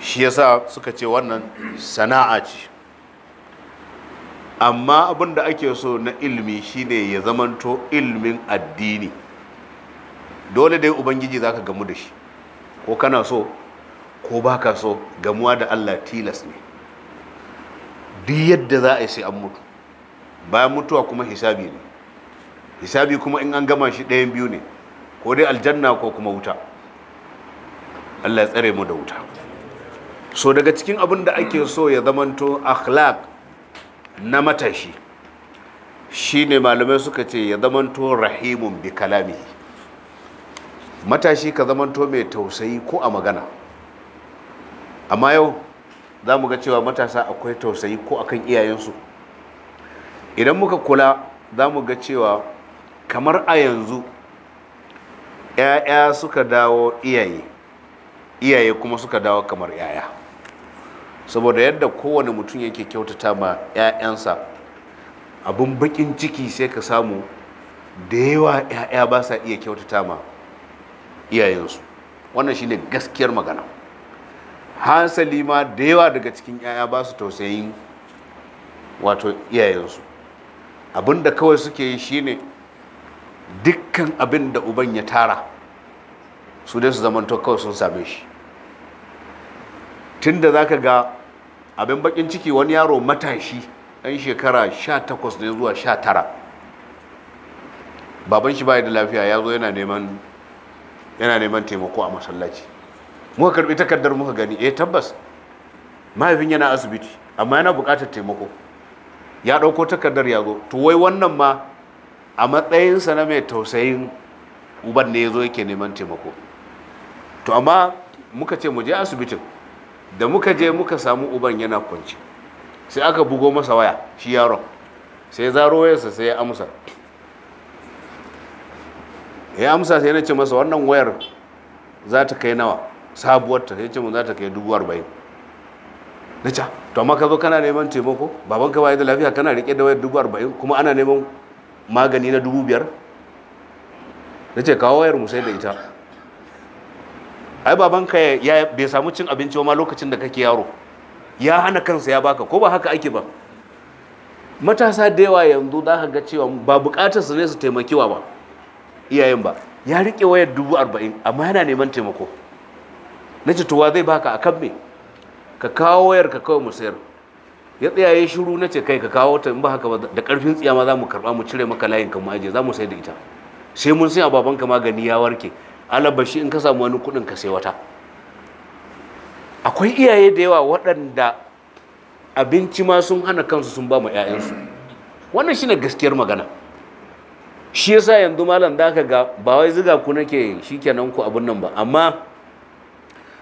shi yasa suka ce wannan sana'a ce amma abin da ake so na ilimi shine ya zamanto ilmin addini dole dai ubangiji zaka gamu da shi ko kana so ko baka so gamuwa da Allah tilas ne duk yadda za a yi sai an mutu bayan mutuwa kuma hisabi ne hisabi kuma in an gama shi ɗayan biyu ne ko dai aljanna ko kuma wuta Allah ya tsare mu da wuta so daga cikin abin da ake so ya zamanto akhlaq na matashi shine malamai suka ce ya zamanto rahimun bi kalamihi matashi ka zamanto mai tausayi ko a magana amma yau za mu ga cewa matasa akwai tausayi ko kan iyayensu idan muka kula za mu ga cewa kamar a yanzu 'ya'ya suka dawo iyaye iyaye kuma suka dawo kamar 'ya'ya saboda yadda kowane mutum yake kyautata ma 'ya'yansa abin bakin ciki sai ka samu da yawa 'ya'ya ba sa iya kyautata ma iyayensu wannan shine gaskiyar magana hasali ma da yawa daga cikin yaya ba su tausayin wato iyayensu abinda kawai suke yi shine dukkan abin da uban ya tara su dai su zamanto kawai sun same shi tunda za ka ga abin bakin ciki wani yaro matashi ɗan shekara 18 ne zuwa 19 baban shi baya da lafiya ya zo yana neman yana neman taimako a masallaci muka karbi takardar muka gani eh tabbas mahaifin yana asibiti amma yana buƙatar taimako ya ɗauko takardar ya zo to wai wannan ma a matsayinsa na mai tausayin uban ne ya zo yake neman taimako to amma muka ce mu je asibitin da muka je muka samu uban yana kwanci sai aka bugo masa waya shi yaron sai zaro wayarsa sai ya amsa ya amsa sai na ce masa wannan wayar za ta kai nawa sabuwar ta sai ce mun za ta kai dubu arba'in na ce to amma ka zo kana neman taimako baban ka bai da lafiya kana rike da wayar dubu arba'in kuma ana neman magani na dubu biyar na ce kawo wayar mu sai da ita ai baban ka ya bai samu cin abinci ma lokacin da kake yaro ya hana kansa ya baka ko ba haka ake ba matasa da yawa yanzu za ka ga cewa ba buƙatar su ne su taimakiwa ba iyayen ba ya rike wayar dubu arba'in amma yana neman taimako na ce zai baka a kan me ka kawo wayar ka kawai mu sayar ya tsaya ya shiru na ce kai ka kawo ta in ba haka da karfin tsiya ma za mu karba mu cire maka layin kan mu aje za mu sayar da ita sai mun sai baban ka magani ya warke alabashi in ka samu wani kuɗin ka sai wata akwai iyaye da yawa waɗanda abinci ma sun hana kansu sun ba ma 'ya'yansu wannan shine gaskiyar magana shi yasa yanzu malam da ka ga ba wai ziga ku nake shikenan ku abun nan ba amma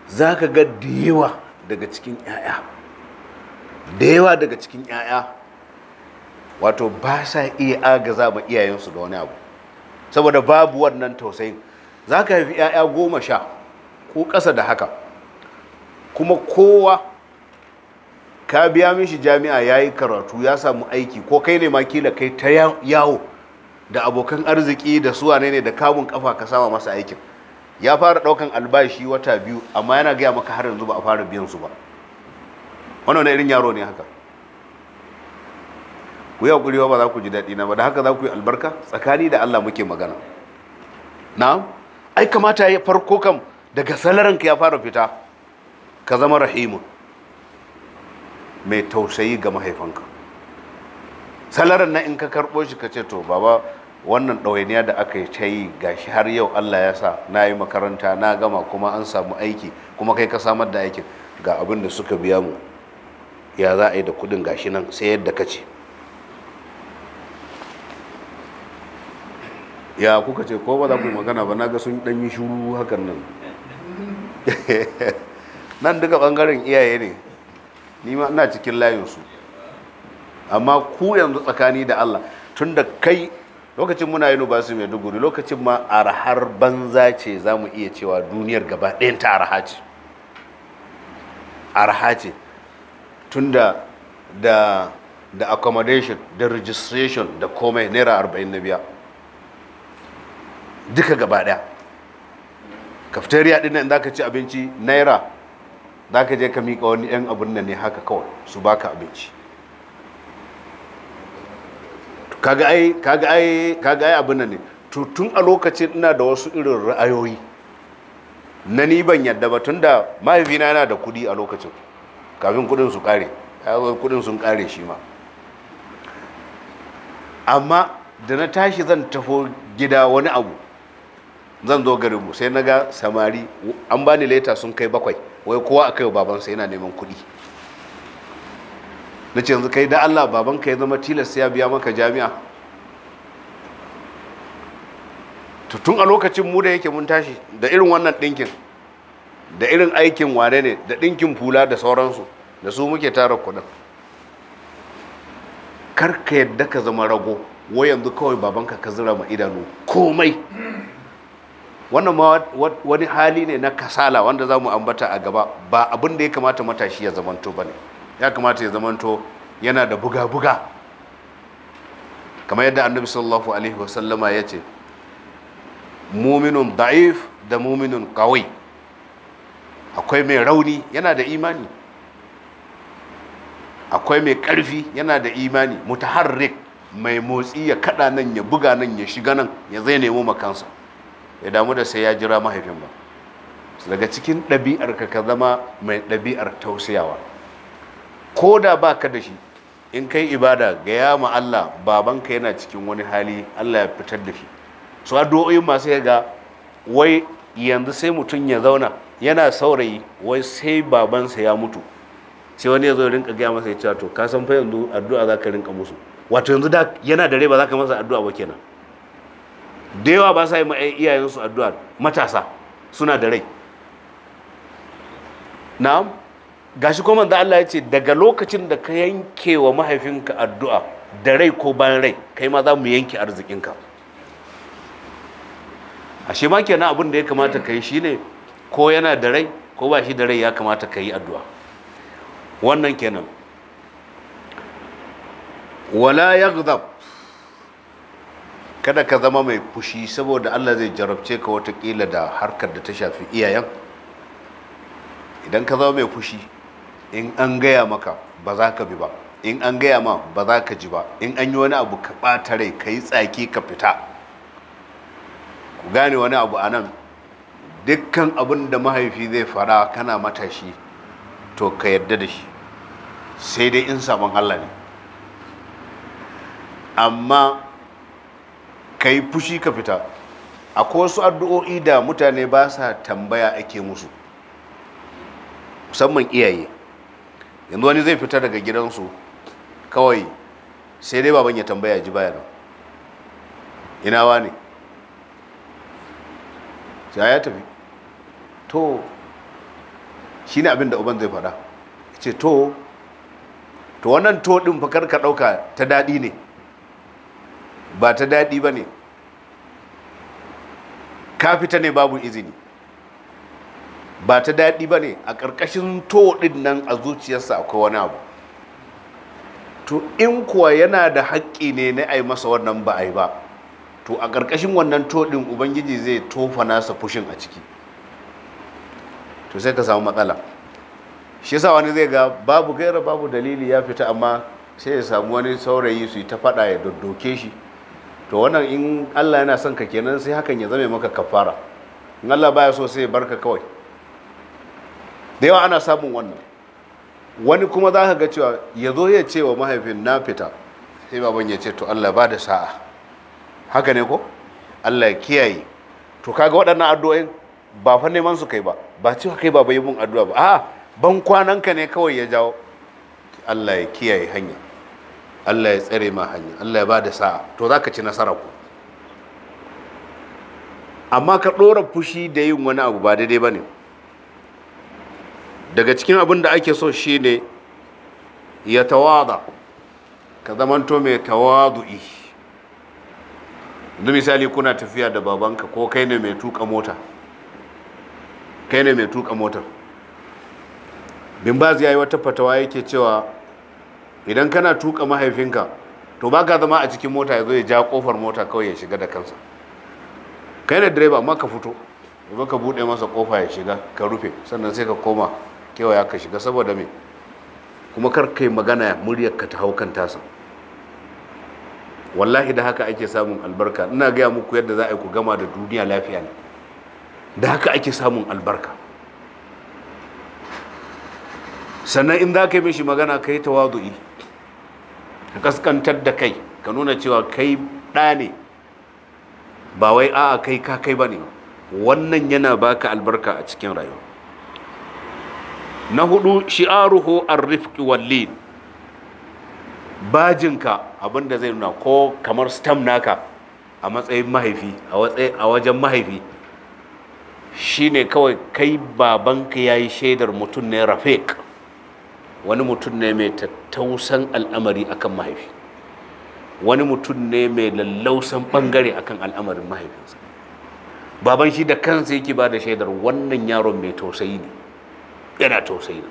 za ka ga da yawa daga cikin 'ya'ya da yawa daga cikin 'ya'ya wato ba sa iya agaza ma iyayensu da wani abu saboda babu wannan tausayin za ka haifi 'ya'ya goma sha ko ƙasa da haka kuma kowa ka biya mishi jami'a ya yi karatu ya samu aiki ko kai ne ma kila kai ta yawo da abokan arziki da su ne da kamun kafa ka sama masa aikin ya fara daukan albashi wata biyu amma yana gaya maka har yanzu ba a fara biyan su ba wannan irin yaro ne haka ku yi hakuri ba za ku ji daɗi na ba da haka za ku yi albarka tsakani da Allah muke magana na ai kamata ya farko kam daga salaranka ya fara fita ka zama rahimun mai tausayi ga mahaifanka salaran na in ka karɓo shi ka ce to baba wannan ɗawainiya da aka ta yi gashi har yau allah ya sa na yi makaranta na gama kuma an samu aiki kuma kai ka samar da aikin ga abin da suka biya mu ya za a yi da kudin gashi nan sai yadda ka ce ya kuka ce ko ba za ku magana ba na ga sun ɗanyi shuru hakan nan nan duka ɓangaren iyaye ne ni ma ina cikin layinsu amma ku yanzu tsakani da allah tun da kai lokacin muna yin basu mai duguri lokacin ma arhar banza ce za mu iya cewa duniyar gaba ta arha ce arha ce tunda da da accommodation da registration da komai naira arba'in na biya duka gaba ɗaya cafeteria ɗin nan zaka ci abinci naira za ka je ka miƙa wani 'yan abun nan ne haka kawai su baka abinci kaga ai kaga ai kaga nan ne to tun a lokacin ina da wasu irin ra'ayoyi na ni ban yadda ba tun da mahaifina yana da kudi a lokacin kafin kudin su kare kudin sun kare shi ma amma da na tashi zan taho gida wani abu zan zo mu sai na ga samari an bani leta sun kai bakwai wai kowa a kai babansa yana neman kudi na ce yanzu kai da allah babanka ya zama tilas ya biya maka jami'a tun a lokacin mu da yake mun tashi da irin wannan ɗinkin da irin aikin wane ne da ɗinkin fula da sauransu da su muke tara kudin karka yadda ka zama rago wa yanzu kawai babanka ka zira ma idanu komai wannan ma wani hali ne na kasala wanda za mu ambata a gaba ba abinda ya kamata matashi ya zamanto ba ne ya kamata ya zamanto yana da buga-buga kamar yadda annabi sallallahu alaihi wasallama ya ce muminun da'if da muminun kawai akwai mai rauni yana da imani akwai mai ƙarfi yana da imani mutaharrik mai motsi ya kada nan ya buga nan ya shiga nan ya zai nemo makansa ya damu da sai ya jira mahaifin ba daga cikin ɗabi'ar ka ka zama mai ɗabi'ar tausayawa ko da ba ka da shi in kai ibada ga ya ma Allah babanka yana cikin wani hali Allah ya fitar da shi su addu'o'i masu ga wai yanzu sai mutum ya zauna yana saurayi wai sai babansa ya mutu sai wani ya zo rinka gaya masa ya ce to ka san fa yanzu addu'a za ka rinka musu wato yanzu da yana da rai ba za ka masa addu'a ba kenan da yawa ba sa yi iyayensu addu'a matasa suna da rai na'am gashi kuma da Allah ya ce daga lokacin da ka yanke wa mahaifinka addu'a da rai ko bayan rai kai ma za mu yanke arzikinka ashe ma kenan abin da ya kamata ka yi shine ko yana da rai ko ba shi da rai ya kamata ka yi addu'a wannan kenan wala yaghdab kada ka zama mai fushi saboda Allah zai jarabce ka watakila da harkar da ta shafi iyayen idan ka zama mai fushi in an gaya maka ba za ka bi ba in an gaya ma ba za ka ji ba in an yi wani abu ka ɓata rai ka yi tsaki ka fita ku gane wani abu a nan dukkan abin da mahaifi zai fara kana matashi to ka yarda da shi sai dai in sabon allah ne amma ka yi fushi ka fita akwai wasu addu'o'i da mutane ba sa tambaya ake musu musamman iyaye yanzu wani zai fita daga gidansu kawai sai dai baban ya tambaya ji baya ina wa ne sai ya tafi to shi ne abin da uban zai fada ce to to wannan to ɗin fakar ka ɗauka ta daɗi ne ba ta daɗi ba ne ka fita ne babu izini ba ta daɗi ba ne a ƙarƙashin to ɗin nan a zuciyarsa akwai wani abu to in kuwa yana da haƙƙi ne na ai masa wannan ba a ba to a ƙarƙashin wannan to ɗin ubangiji zai tofa nasa fushin a ciki to sai ka samu matsala shi yasa wani zai ga babu gaira babu dalili ya fita amma sai ya samu wani saurayi su yi ta faɗa ya doddoke shi to wannan in allah yana son ka kenan sai hakan ya zame maka kafara in allah baya so sai ya barka kawai da yawa ana samun wannan wani kuma za ka ga cewa ya zo ya ce wa mahaifin na fita sai baban ya ce to allah ba da sa'a haka ne ko allah kiyaye to kaga waɗannan addu'o'in ba fa neman su kai ba ba cewa kai ba bai mun addu'a ba a'a ban kwananka ne kawai ya jawo allah ya kiyaye hanya allah ya tsare ma hanya allah ya ba da sa'a to za ka ci nasara ku amma ka ɗora fushi da yin wani abu ba daidai ba ne daga cikin abin da ake so shi ne ya tawada ka zamanto mai tawadu'i da misali kuna tafiya da babanka ko kai ne mai tuka mota kai ne mai tuka motar bimbazi ya yi wata fatawa yake cewa idan kana tuka mahaifinka to ba ka zama a cikin mota ya zo ya ja kofar mota kawai ya shiga da kansa kai ne direba amma ka fito ka buɗe masa kofa ya shiga ka rufe sannan sai ka koma kewaya ka shiga saboda me kuma kar kai magana muryar ka ta hau kan tasa wallahi da haka ake samun albarka ina gaya muku yadda za a yi ku gama da duniya lafiya ne da haka ake samun albarka sannan in za ka yi mishi magana ka yi tawadu'i ka kaskantar da kai ka nuna cewa kai ɗa ne ba wai a'a kai ka kai ba ne wannan yana baka albarka a cikin rayuwa na hudu shi'aruhu ar-rifqi wal-lin bajinka abinda zai nuna ko kamar stam naka a matsayin mahaifi a wajen mahaifi shine kawai kai babanka yayi shaidar mutum ne rafiq wani mutum ne mai tattausan al'amari akan mahaifi wani mutum ne mai lallausan bangare akan al'amarin mahaifinsa baban shi da kansa yake ba da shaidar wannan yaron mai tausayi ne yana tausayi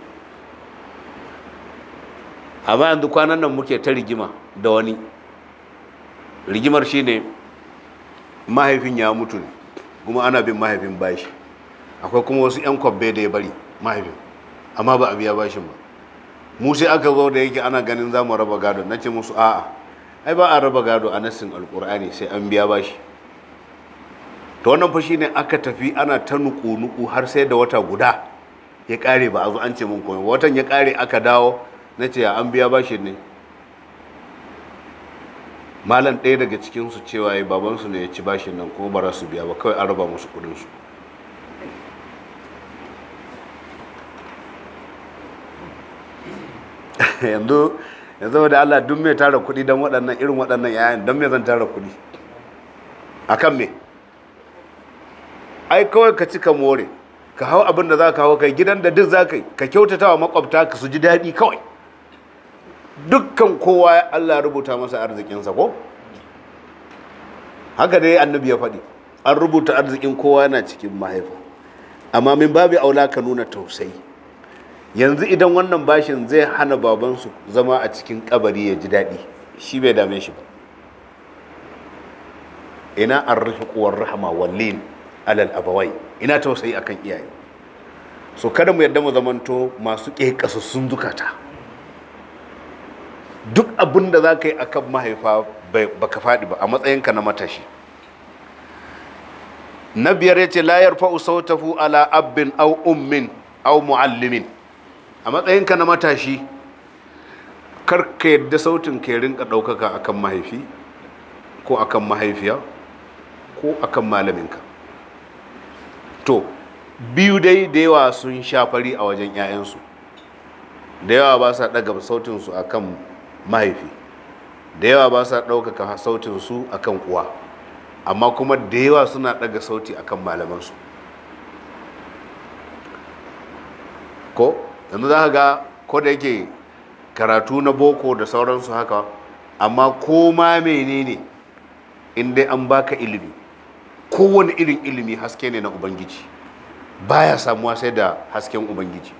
amma yanzu kwanan nan muke ta rigima da wani rigimar shine mahaifin ya mutu ne kuma ana bin mahaifin bashi akwai kuma wasu 'yan kwabbe da ya bari mahaifin amma ba a biya bashin ba mu sai aka zo da yake ana ganin za mu raba gado na ce musu a'a ai ba a raba gado a nassin alkur'ani sai an biya bashi ta wannan fashi ne aka tafi ana ta nuku-nuku har sai da wata guda ya kare ba a zo an ce mun komai watan ya kare aka dawo na ce an biya bashi ne malam ɗaya daga cikinsu cewa ya su ne ya ci bashin nan kuma ba su biya ba kawai an raba musu su yanzu yanzu da Allah duk mai tara kuɗi don waɗannan irin waɗannan yayan don mai zan tara kuɗi a kan me ai kawai ka cika more ka hau abin da za ka hau kai gidan da duk za ka yi ka kyautata wa makwabta ka su ji daɗi kawai dukkan kowa Allah rubuta masa arzikinsa ko haka dai annabi ya faɗi an rubuta arzikin kowa yana cikin mahaifa amma min babu aula ka nuna tausayi yanzu idan wannan bashin zai hana babansu zama a cikin kabari ya ji daɗi shi bai dame shi ba ina an kuwar rahama wallin alal abawai ina tausayi akan iyaye so kada mu yadda mu zamanto masu ƙeƙasassun zukata duk abin da za ka yi akan mahaifa baka faɗi ba a matsayinka na matashi na biyar ya ce layar fa'u sautafu ala abin au ummin au mu'allimin a matsayinka na matashi kar ka yadda sautin ke rinka ɗaukaka akan mahaifi ko akan mahaifiya ko kan malaminka to biyu dai da yawa sun sha fari a wajen 'ya'yansu da yawa ba sa ɗaga sautinsu a kan mahaifi da yawa ba sa ɗaukaka sautinsu a kan uwa amma kuma da yawa suna ɗaga sauti a kan malamansu ko yanzu za ka ga ko da yake karatu na boko da sauransu haka amma ko ma menene in dai an baka ilimi kowane irin ilimi haske ne na ubangiji baya samuwa sai da hasken ubangiji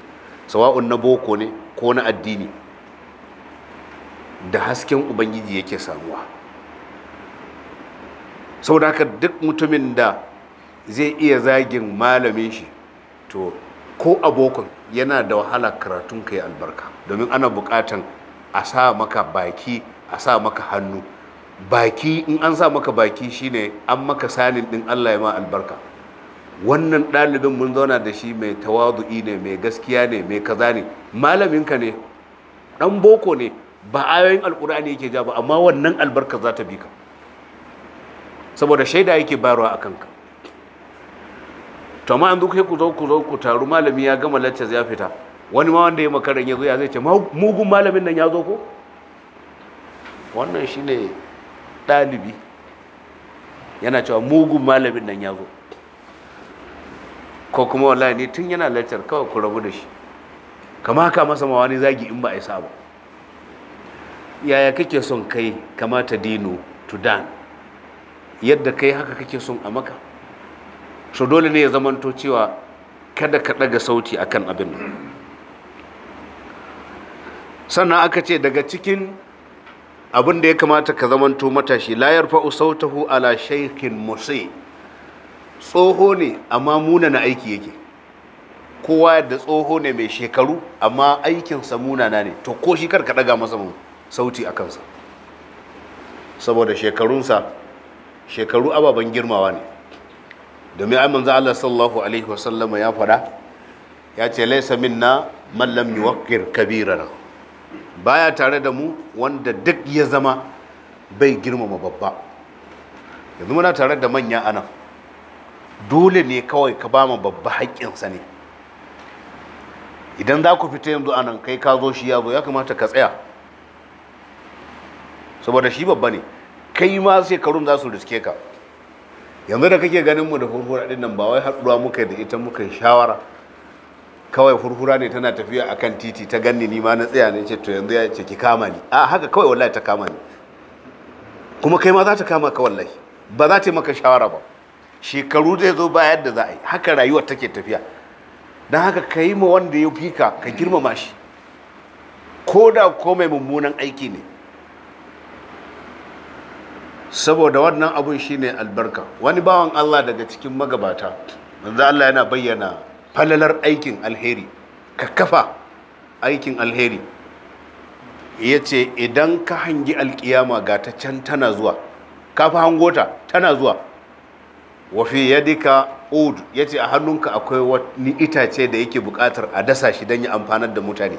sawa'un na boko ne ko na addini da hasken ubangiji yake samuwa saboda haka duk mutumin da zai iya zagin malamin shi to ko abokan yana da wahala karatun ka yi albarka domin ana bukatan a sa maka baki a sa maka hannu baki in an sa maka baki shine an maka sanin din Allah ya ma albarka wannan ɗalibin mun zauna da shi mai tawadu'i ne mai gaskiya ne mai kaza ne malaminka ne ɗan boko ne ba ayoyin alkur'ani yake ja ba amma wannan albarka za ta bi ka saboda shaida yake bayarwa a kanka to amma an zuke ku zo ku zo ku taru malami ya gama lectures ya fita wani ma wanda ya makaran ya ya zai ce mugun malamin nan ya zo ko wannan shine ɗalibi yana cewa mugun malamin nan ya zo ko kuma wallahi ne tun yana lantar kawai ku rabu da shi kama haka masa mawani zagi in ba a yi sabo. yaya kake son kai kamata dino to dan yadda kai haka kake son a maka so dole ne ya zamanto cewa kada ka ɗaga sauti akan abin sannan aka ce daga cikin abin da ya kamata ka zamanto matashi layar fa’u sautahu ala shaikin musi tsoho ne amma muna na aiki yake kowa da tsoho ne mai shekaru amma aikinsa munana ne to ko shi kar ka daga masa sauti a kansa saboda shekarunsa shekaru ababen girmawa ne domin ai za Allah sallallahu alaihi wasallama ya faɗa, ya ce min minna Mallam yi yuwaqqir kabirana baya tare da mu wanda duk ya zama bai girmama babba yanzu muna tare da manya anan dole ne kawai ka ba babba haƙƙinsa ne idan za ku fita yanzu anan kai ka zo shi ya zo ya kamata ka tsaya saboda shi babba ne kai ma shekarun za su riske ka yanzu da kake ganin mu da furfura ɗin nan ba wai haɗuwa muka da ita muka shawara kawai hurhura ne tana tafiya a kan titi ta ganni ni ma na tsaya ne ce to yanzu ya ce ki kama ni a haka kawai wallahi ta kama ni kuma kai ma za ta kama ka wallahi ba za ta yi maka shawara ba shekaru zai zo ba yadda za a yi haka rayuwar take tafiya don haka ka yi ma wanda ya fi ka ka girmama shi ko da ko mai mummunan aiki ne saboda wannan abun shine albarka wani bawan allah daga cikin magabata manzo allah yana bayyana falalar aikin alheri ka kafa aikin alheri ya ce idan ka hangi alkiyama ga ta can tana zuwa ka fi hangota tana zuwa wafi dika udu ya ce a hannunka akwai wani itace da yake bukatar a dasa shi don yi amfanar da mutane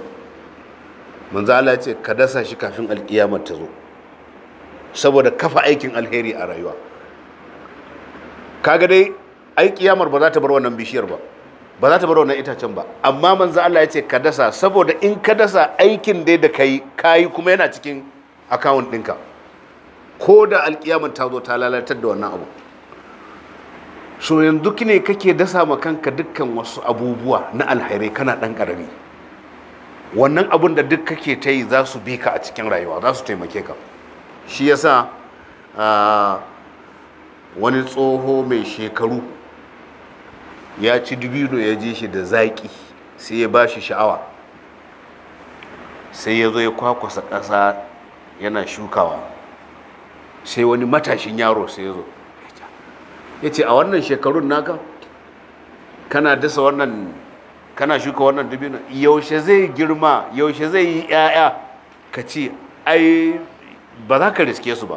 manzala ce ka dasa shi kafin alkiyamar ta zo saboda kafa aikin alheri a rayuwa ka dai aikiyamar ba za ta bar wannan bishiyar ba ba za ta bar wannan itacen ba amma manzo Allah ya ce ka dasa saboda in ka dasa aikin dai da kai kayi kuma yana cikin account ɗinka ko da alkiyaman ta zo ta lalatar da wannan abu so yanzu ne kake dasa ma kanka dukkan wasu abubuwa na alhairai kana ɗan ƙarami wannan abun da duk kake ta yi za su bi ka a cikin rayuwa za su taimake ka shi yasa ah, wani tsoho mai shekaru ya ci dubino ya je shi da zaƙi sai ya ba shi sha'awa sai ya zo ya kwakwasa ƙasa yana shukawa sai wani matashin yaro sai ya zo ya ce a wannan shekarun naka kana dasa wannan kana shuka wannan dubino yaushe zai girma yaushe zai yi 'ya'ya ka ce ai ba za ka riske su ba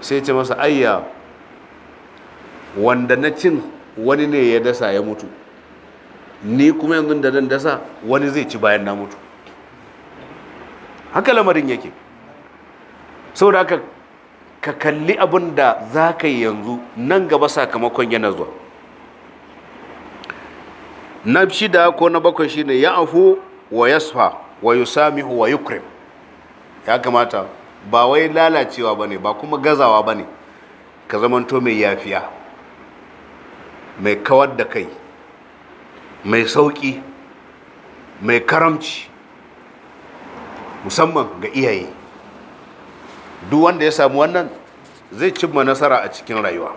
sai ce masa ayya wanda na cin wani ne ya dasa ya mutu ni kuma yanzu da zan dasa wani zai ci bayan na mutu haka lamarin yake da aka ka kalli abin da za ka yi yanzu nan gaba sakamakon yana zuwa na shida ko na bakwai shine ya afu wa yasfa wa yusamihu wa yukrim ya kamata ba wai lalacewa ba ne ba kuma gazawa ba ne ka zamanto mai yafiya mai kawar da kai mai sauƙi mai karamci musamman ga iyaye duk wanda ya samu wannan zai cimma nasara a cikin rayuwa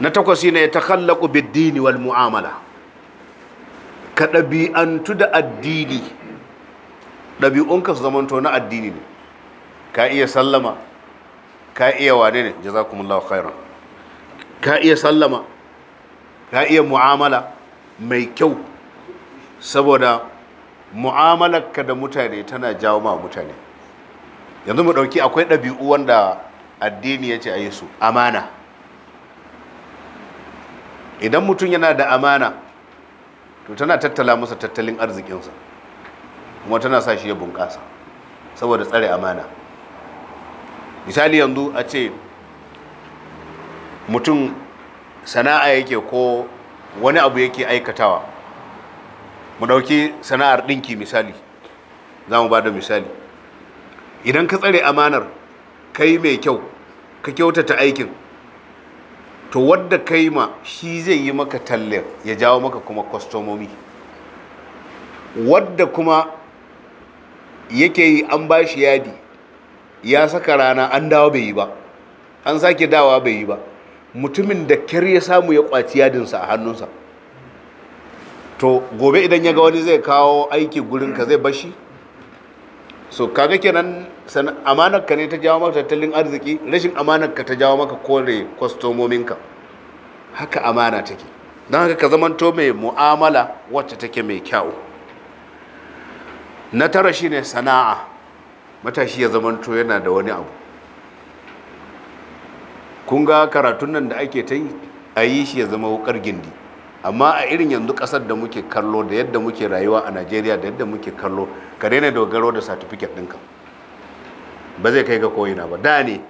na takwas ne ya takallaku biddini wal mu'amala ka ɗabi'antu da addini ɗabi'unka su zamanto na addini ne ka iya sallama ka iya wane ne jazakumullahu khairan ka iya sallama ka iya mu'amala mai kyau saboda mu'amalarka da mutane tana jawo ma mutane yanzu mu ɗauki akwai ɗabi'u wanda addini ya ce a yi su amana idan mutum yana da amana to tana tattala masa tattalin arzikinsa kuma tana sa shi ya bunƙasa saboda tsare amana misali yanzu a ce mutum sana'a yake ko wani abu yake aikatawa mu ɗauki sana'ar ɗinki misali za mu ba da misali idan ka tsare amanar kai mai kyau ka kyautata aikin to wadda kai ma shi zai yi maka tallar ya jawo maka kuma kwastomomi wadda kuma yake yi an ba shi yadi ya saka rana an dawo bai yi ba an sake dawa bai yi ba mutumin da kyar ya samu ya kwaci yadinsa a hannunsa to gobe idan ya ga wani zai kawo aiki gurin ka zai bashi so kaga kenan amanar ka ne ta jawo maka tattalin arziki rashin amanar ka ta jawo maka kore kwastomominka haka amana take don haka ka zamanto mai mu'amala wacce take mai kyau na tara shine sana'a matashi ya zamanto yana da wani abu kun ga karatun nan da ake ta yi a yi shi ya zama wukar gindi amma a irin yanzu kasar da muke kallo da yadda muke rayuwa a najeriya da yadda muke kallo ka daina dogaro da satifiket ɗinka ba zai kai ga koyina ba da ne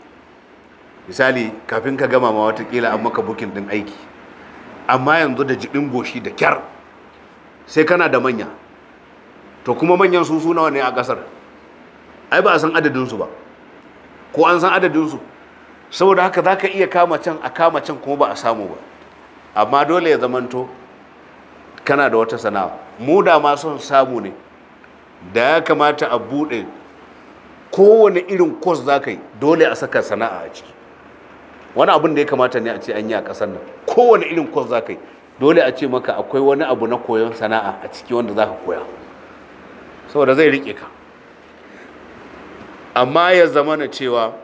misali kafin ka gama ma watakila an maka bukin ɗin aiki amma yanzu da jiɗin goshi da kyar sai kana da manya to kuma manyan su suna ne a kasar ai ba a san adadinsu ba ko an san adadinsu saboda haka za ka iya kama can a kama can kuma ba a samu ba amma dole ya zamanto kana da wata sana'a mu da ma son samu ne da ya kamata a buɗe kowane irin kwas za ka yi dole a saka sana'a a ciki wani abin da ya kamata ne a ce an yi a ƙasar nan kowane irin kwas za ka yi dole a ce maka akwai wani abu na koyon sana'a a ciki wanda za ka koya saboda zai riƙe ka amma ya zamana cewa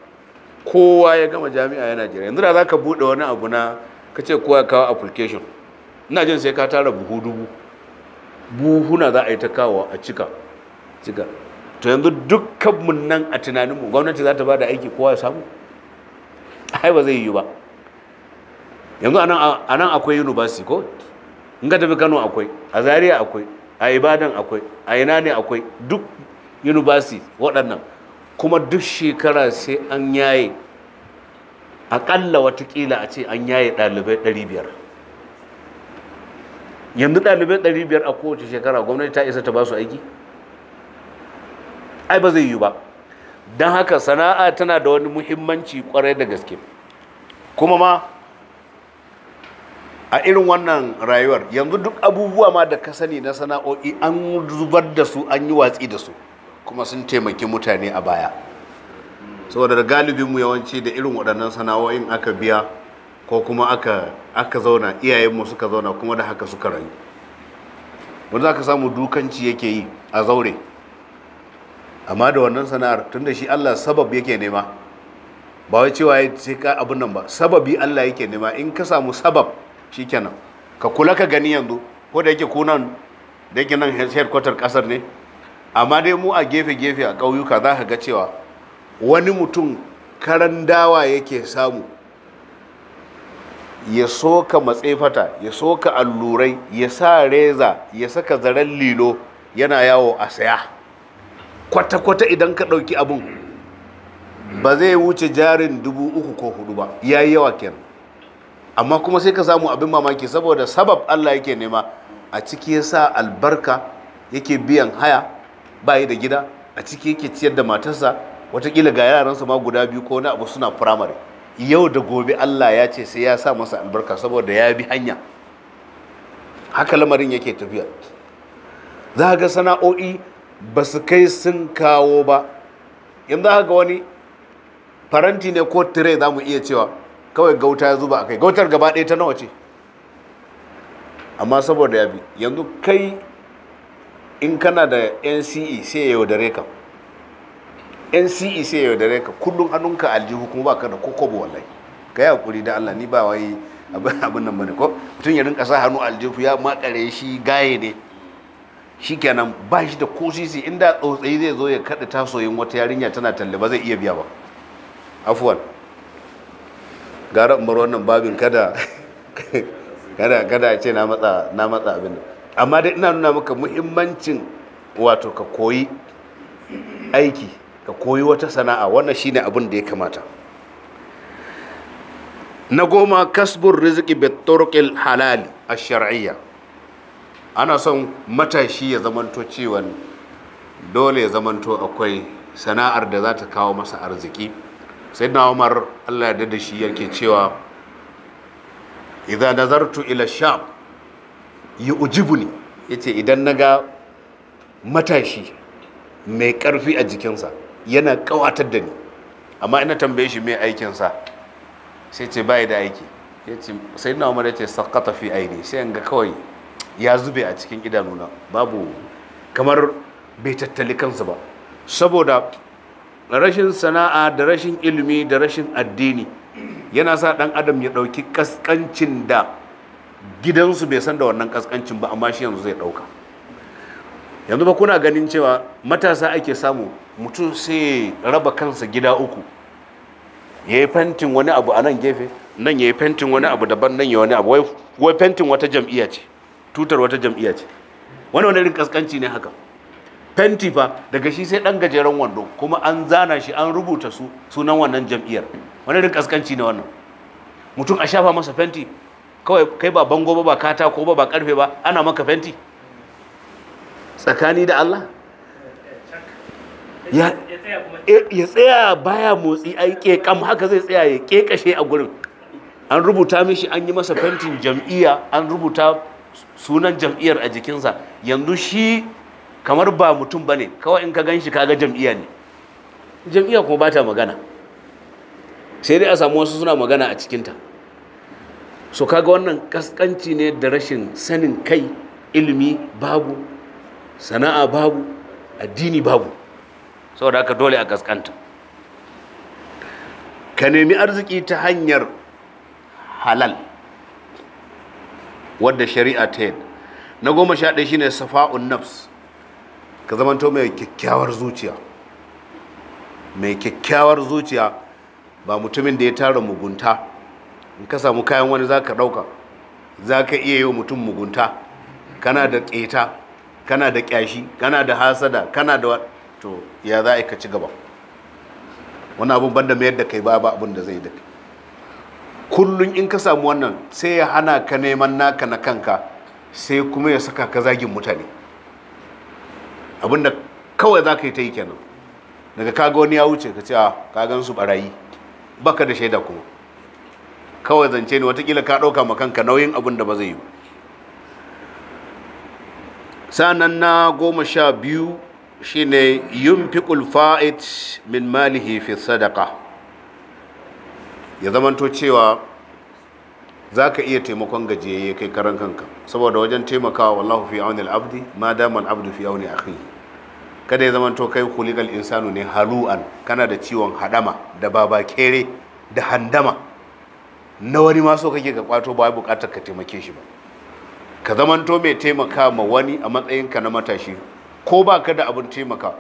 kowa ya gama jami'a yana jira yanzu da za ka buɗe wani abu na ka ce kowa ya kawo application ina jin sai ka tara buhu dubu buhuna za a yi ta kawo a cika cika to yanzu dukkanmu nan a tunaninmu gwamnati za ta ba da aiki kowa ya samu ai ba zai yi ba yanzu a nan akwai university ko in ka tafi kano akwai a zaria akwai a ibadan akwai a ina ne akwai duk university waɗannan kuma duk shekara sai an yaye aƙalla watakila a ce an yaye ɗalibai 500 yanzu ɗalibai 500 a kowace shekara gwamnati ta isa ta ba su aiki ai ba zai yi ba don haka sana'a tana da wani muhimmanci kwarai da gaske kuma ma a irin wannan rayuwar yanzu duk abubuwa ma da ka sani na sana'o'i an zubar da su an yi watsi da su kuma sun taimaki mutane a baya saboda galibinmu yawanci da irin waɗannan sana'o'in aka biya ko kuma aka zauna iyayenmu suka zauna kuma da haka suka rayu wanda aka samu dukanci yake yi a zaure amma da wannan sana'ar tunda shi allah sabab yake nema ba wai cewa ya ce ka abin nan ba sababi allah yake nema in ka samu sabab shi kenan ka kula ka gani yanzu ko da yake kunan da yake nan headquarter kasar ne amma dai mu a gefe-gefe a ƙauyuka za ka ga cewa wani mutum karan dawa yake samu ya soka matsefata ya soka allurai ya sa reza ya saka zaren lilo yana yawo a saya kwata-kwata idan ka ɗauki abin ba zai wuce jarin dubu uku ko hudu ba ya yi yawa kenan amma kuma sai ka samu abin mamaki saboda sabab allah yake nema a ciki ya sa albarka yake biyan haya bayi da gida a ciki yake ciyar da matarsa watakila ga yaransa ma guda biyu ko na abu suna firamare yau da gobe Allah ya ce sai ya sa masa albarka saboda ya bi hanya haka lamarin yake tafiya za ga sana'o'i ba su kai sun kawo ba yanzu haka wani faranti ne ko tire za iya cewa kawai gauta ya zuba a kai gautar gaba ɗaya ta nawa ce amma saboda ya bi yanzu kai in kana da nce sai ya yaudare ka nce sai ya yaudare ka kullum hannunka aljihu kuma baka da kokobo wallahi ka yi hakuri da allah ni ba wai abin nan bane ko mutum ya rinka sa hannu aljihu ya makare shi gaye ne Shi kenan ba shi da ko sisi inda tsotsayi zai zo ya kaɗa tasoyin wata yarinya tana talle ba zai iya biya ba afuwan gara umar wannan babin kada kada kada ce na matsa na matsa abin nan amma dai ina nuna maka muhimmancin wato ka koyi aiki ka koyi wata sana'a wannan shine abin da ya kamata na goma kasbun riziki betorkil halal a shar'iyya ana son matashi ya zamanto ciwon dole ya zamanto akwai sana'ar da za ta kawo masa arziki sai na umar allah ya da shi yake cewa idan nazartu ila shab yi ujibuni ya ce idan na ga matashi mai ƙarfi a jikinsa yana ƙawatar da ni amma ina tambaye shi mai aikinsa sai ce bayi da aiki ya ce sai na umar ya ce sakata fi aini sai yanga kawai ya zube a cikin idanuna babu kamar bai tattali kansa ba saboda rashin sana'a da rashin ilimi da rashin addini yana sa ɗan adam ya ɗauki ƙasƙancin da gidansu bai san da wannan kaskancin ba amma shi yanzu zai ɗauka yanzu ba kuna ganin cewa matasa ake samu mutum sai raba kansa gida uku ya yi fentin wani abu a nan gefe nan ya yi fentin wani abu daban nan ya wani abu wai fentin wata jam'iyya ce tutar wata jam'iyya ce wani wani irin kaskanci ne haka fenti fa daga shi sai dan gajeren wando kuma an zana shi an rubuta su sunan wannan jam'iyyar wani irin kaskanci ne wannan mutum a shafa masa fenti kawai kai ba bango ba ba katako ba ba karfe ba ana maka fenti tsakani da Allah ya tsaya baya motsi yi kekam haka zai tsaya ya kekashe a gurin an rubuta mishi an yi masa fentin jam'iyya an rubuta sunan jam'iyyar a jikinsa yanzu shi kamar ba mutum ba ne kawai in ka gan shi kaga jam'iyya ne jam'iyya ko ba ta magana sai dai a samu wasu suna magana a cikinta so kaga wannan kaskanci ne da rashin sanin kai ilimi babu sana'a babu addini babu saboda haka dole a kaskanta ka nemi arziki ta hanyar halal wadda shari'a ta yadda na goma sha ɗaya shine safa'un nafs ka zamanto mai kyakkyawar zuciya mai kyakkyawar zuciya ba mutumin da ya tara mugunta in ka samu kayan wani za ka ɗauka za ka iya yi wa mutum mugunta kana da ƙeta kana da ƙyashi kana da hasada kana da to ya za a ka ci gaba wani abun banda mayar da kai ba ba abun da zai da kullum in ka samu wannan sai ya hana ka neman naka na kanka sai kuma ya saka ka zagin mutane abin da kawai za ka yi ta yi kenan daga kaga wani ya wuce ka ce a ah, kagan su barayi baka da shaida kuma kawai zance ne watakila ka ɗauka makanka kanka nauyin abin da ba zai yi ba sanan na goma sha biyu shine yunfiqul fa'id min malihi fi sadaka ya zamanto cewa za ka iya taimakon gajiyayye kai karan kanka saboda wajen taimakawa wallahu fi auni abdi ma dama al'abdu fi auni akhi kada ya zamanto kai kuligal insanu ne halu'an kana da ciwon hadama da baba kere da handama na wani ma so kake ka kwato ba bukatar ka taimake shi ba ka zamanto mai taimaka ma wani a matsayinka na matashi ko ba ka da abin taimaka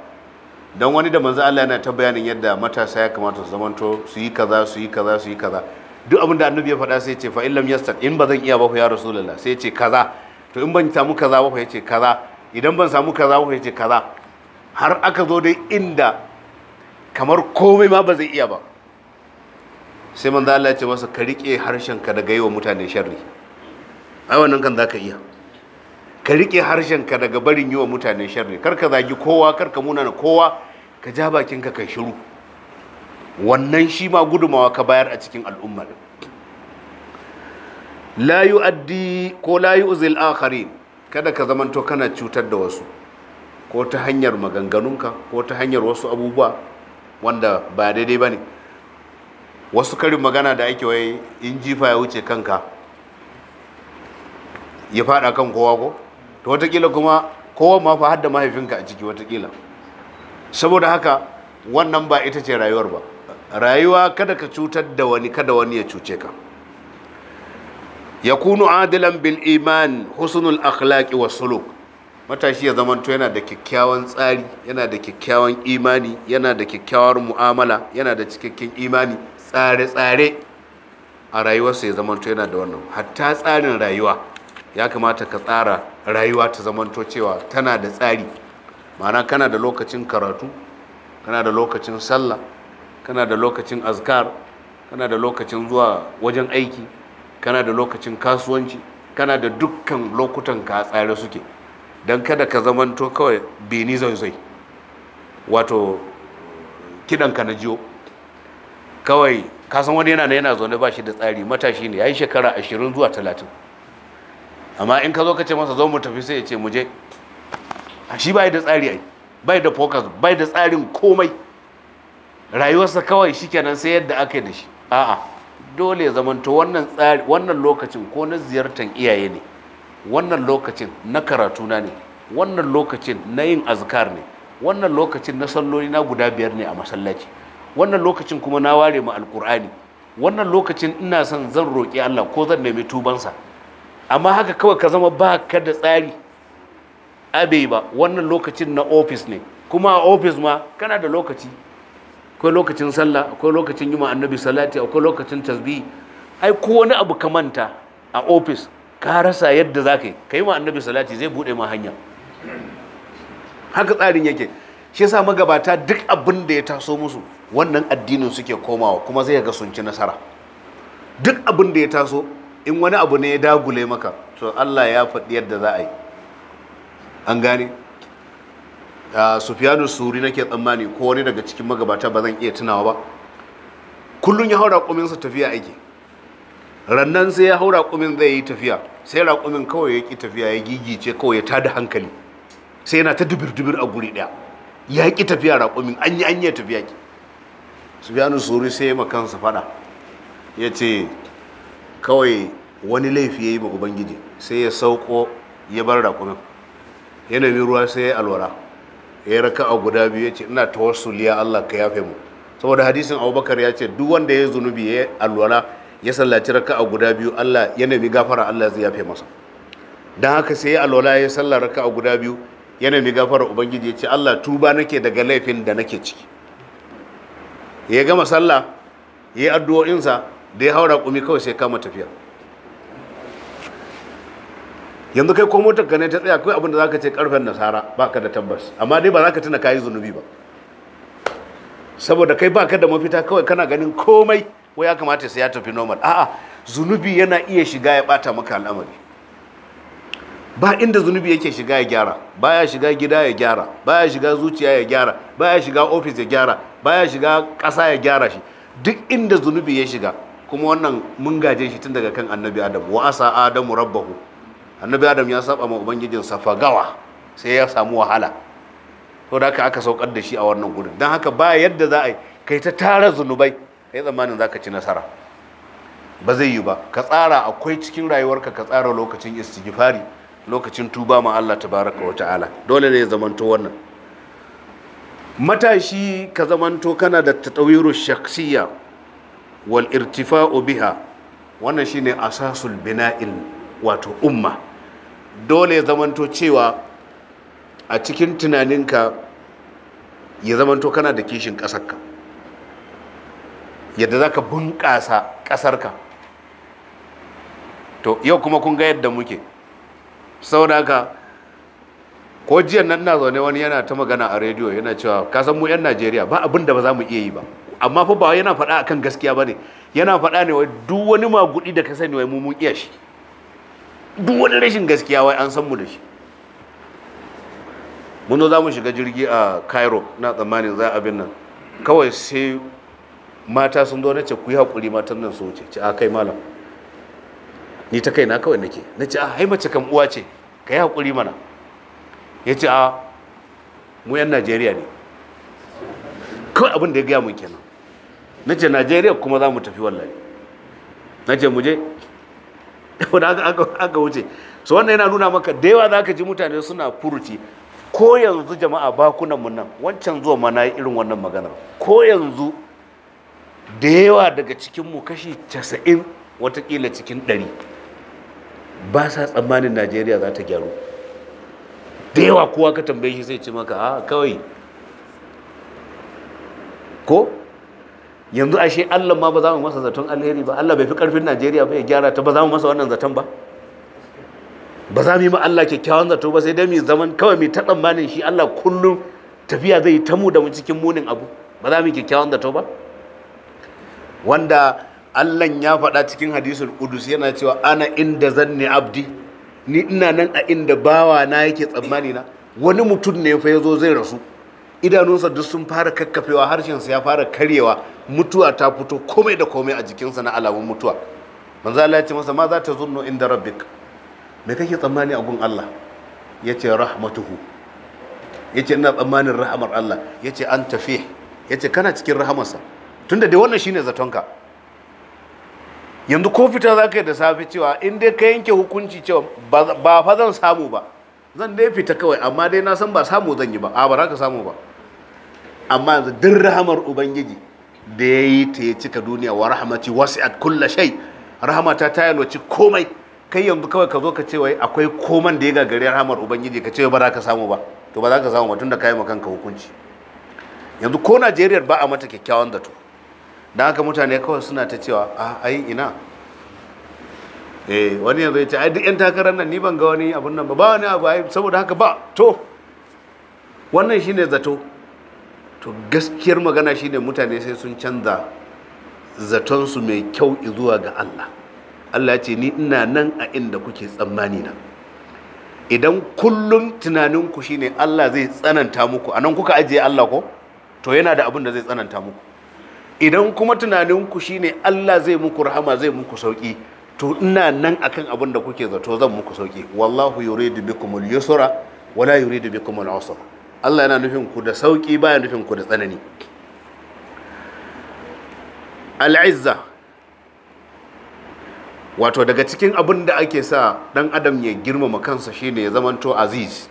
don wani da manzo Allah yana ta bayanin yadda matasa ya kamata su zamanto su yi kaza su yi kaza su yi kaza duk abin da annabi ya faɗa sai ce fa in lam yastad in ba zan iya ba ku ya rasulullah sai ce kaza to in ban samu kaza ba ku ya ce kaza idan ban samu kaza ba ku ya ce kaza har aka zo dai inda kamar komai ma ba zai iya ba sai man Allah ce masa ka rike harshenka daga yi wa mutane sharri ai wannan kan ka iya ka harshenka daga barin yi wa mutane sharri kar ka zagi kowa kar ka munana kowa ka ja bakinka kai shiru wannan shi ma gudumawa ka bayar a cikin al'umma la yu'addi ko la yu'zil akharin kada ka zamanto kana cutar da wasu ko ta hanyar maganganunka ko ta hanyar wasu abubuwa wanda ba daidai ba ne wasu karin magana da ake wai in jifa ya wuce kanka ya fada kan kowa ko to watakila kuma kowa ma fa hadda mahaifinka a ciki watakila saboda haka wannan ba ita ce rayuwar ba rayuwa kada ka cutar da wani kada wani ya cuce ka yakunu adilan bil iman husnul akhlaqi was suluk matashi ya zamanto yana da kyakkyawan tsari yana da kyakkyawan imani yana da kyakkyawar mu'amala yana da cikakken imani tsare-tsare a rayuwarsa ya zamanto yana da wannan hatta tsarin rayuwa ya kamata ka tsara rayuwa ta zamanto cewa tana da tsari ma'ana kana da lokacin karatu kana da lokacin sallah kana da lokacin azkar kana da lokacin zuwa wajen aiki kana da lokacin kasuwanci kana da dukkan lokutan ka tsare suke don kada ka zamanto kawai beni zai-zai, wato kidanka na jiyo kawai kasan wani yana yana zaune ba shi da tsari matashi ne ya yi shekara ashirin zuwa talatin amma in ka zo ka ce masa zo mu tafi sai ya ce mu je shi bai da tsari ai bai da focus bai da tsarin komai rayuwarsa kawai shi kenan sai yadda aka yi da shi a'a dole zamanto wannan tsari wannan lokacin ko na ziyartar iyaye ne wannan lokacin na karatuna ne wannan lokacin na yin azkar ne wannan lokacin na salloli na guda biyar ne a masallaci wannan lokacin kuma na ware mu alkur'ani wannan lokacin ina son zan roƙi Allah ko zan nemi tubansa amma haka kawai ka zama ba ka da tsari abe ba wannan lokacin na ofis ne kuma a ofis ma kana da lokaci akwai lokacin sallah akwai lokacin yi annabi salati akwai lokacin tasbi ai ko wani abu ka manta a ofis ka rasa yadda za ka yi ka yi annabi salati zai buɗe ma hanya haka tsarin yake shi sa magabata duk abin da ya taso musu wannan addinin suke komawa kuma zai ga sun nasara duk abin da ya taso in wani abu ne ya dagule maka to Allah ya faɗi yadda za a yi an gane sufiyanu suri nake tsammani ko wani daga cikin magabata ba zan iya tunawa ba kullum ya haura kuminsa tafiya ake rannan sai ya haura kumin zai yi tafiya sai raƙumin kawai ya ƙi tafiya ya gigice kawai ya tada hankali sai yana ta dubir-dubir a guri ɗaya ya ƙi tafiya raƙumin an yi tafiya ki sufyanu suri sai ya makansa fada ya ce kawai wani laifi ya yi ma ubangiji sai ya sauko ya bar rakumin ya nemi ruwa sai ya alwara ya raka a guda biyu ya ce ina liya allah ka yafe mu saboda hadisin abubakar ya ce duk wanda ya zunubi ya alwala ya sallaci raka a guda biyu allah ya nemi gafara allah zai yafe masa don haka sai ya alwala ya sallar raka a guda biyu ya nemi gafara ubangiji ya ce allah tuba nake daga laifin da nake ciki ya gama sallah ya yi addu'o'insa da ya haura kumi kawai sai kama tafiya yanzu kai ko motar ka ne ta tsaya kawai abinda za ka ce karfen nasara ba ka da tabbas amma dai ba za ka tuna kayi zunubi ba saboda kai ba ka da mafita kawai kana ganin komai wai ya kamata sai ya tafi normal a'a zunubi yana iya shiga ya bata maka al'amari ba inda zunubi yake shiga ya gyara baya shiga gida ya gyara baya shiga zuciya ya gyara baya shiga ofis ya gyara baya shiga ƙasa ya gyara shi duk inda zunubi ya shiga kuma wannan mun gaje shi tun daga kan annabi adam wa asa adamu rabbahu annabi adam ya saba ma sa fagawa sai ya samu wahala to da aka saukar da shi a wannan gudu don haka ba yadda za a yi kai ta tara zunubai kai tsammanin za ka ci nasara ba zai yi ba ka tsara akwai cikin rayuwarka ka tsara lokacin istighfari lokacin tuba ma Allah tabaraka wa ta'ala dole ne ya zamanto wannan matashi ka zamanto kana da tatawiru shaksiya wal irtifa'u biha wannan shine asasul bina'il wato umma dole ya zamanto cewa a cikin tunaninka ya zamanto kana da kishin ƙasarka yadda za ka bunƙasa ƙasarka to yau kuma kun ga yadda muke saboda haka ko jiya nan na zaune wani yana ta magana a rediyo yana cewa ka san mu 'yan najeriya ba abin da ba za mu iya yi ba amma fa ba yana faɗa akan gaskiya ba ne yana faɗa ne wai duk wani magudi da ka sani wai mu mun iya shi duk wani rashin gaskiya wai an san mu da shi mun zo za mu shiga jirgi a cairo na tsammanin za abin nan kawai sai mata sun zo na ce ku yi hakuri matan nan su ce ce a kai malam ni ta kaina kawai nake na ce a ah, hai mace kan uwa ce ka yi haƙuri mana ya ce a ah, mu yan najeriya ne kawai abin da ya gaya mun kenan na ce najeriya kuma za mu tafi wallahi na ce mu je wadda aka wuce so wannan yana nuna maka da yawa za ka ji mutane suna furuci ko yanzu jama'a bakunan mun nan wancan zuwa mana irin wannan maganar ko yanzu da yawa daga cikinmu kashi 90 watakila cikin ba sa tsammanin najeriya za ta gyaru da yawa kowa ka tambaye shi sai ce maka a ah, kawai ko yanzu ashe allah ma ba za mu masa zaton alheri ba allah bai fi karfin najeriya ba ya gyara ta ba za mu masa wannan zaton ba ba za mu yi ma allah kyakkyawan zato ba sai dai mu zaman kawai mai ta tsammanin shi allah kullum tafiya zai ta mu da mu cikin munin abu ba za mu yi kyakkyawan zato ba wanda Allah ya faɗa cikin hadisul qudus yana cewa ana inda zanni abdi ni ina nan a inda bawa na yake tsammani na wani mutum ne fa yazo zai rasu idanunsa duk sun fara kakkafewa harshensa ya fara karyewa mutuwa ta fito komai da komai a jikinsa na alamun mutuwa manzo Allah ya ce masa ma za ta zunno inda rabbik me kake tsammani a gun Allah yace rahmatuhu yace ina tsammanin rahamar Allah yace an tafi yace kana cikin rahamarsa tunda dai wannan shine zatonka yanzu ko fita za ka yi da safe cewa in dai ka yanke hukunci cewa ba fa zan samu ba zan dai fita kawai amma dai na san ba samu zan yi ba a ba za ka samu ba amma yanzu duk rahamar ubangiji da ya yi ta ya cika duniya wa wasu wasi'at kulla shai rahamata ta yalwaci komai kai yanzu kawai ka zo ka ce wai akwai koman da ya gagari rahamar ubangiji ka ce ba za ka samu ba to ba za ka samu ba da ka yi kanka hukunci yanzu ko najeriya ba a mata kyakkyawan zato da haka mutane kawai suna ta cewa a ah, ai ina eh wani yanzu ya ce ai duk yan takarar nan ni ban ga wani abun nan ba ba wani abu ai saboda haka ba to wannan shine zato to gaskiyar magana shine mutane sai sun canza zatonsu mai kyau zuwa ga Allah Allah ce ni ina nan a inda kuke tsammani na idan kullum tunaninku shine Allah zai tsananta muku a nan kuka ajiye Allah ko to yana da abin da zai tsananta muku idan kuma tunanin tunaninku shine Allah zai muku rahama zai muku sauki to ina nan akan abin da kuke zato zan muku sauki wallahu yuridu bikum al-yusra wala yuridu bikum al-usra Allah yana nufin ku da sauki baya nufin ku da tsanani al-izza wato daga cikin abin da ake sa dan adam ya girmama kansa shine ya zamanto aziz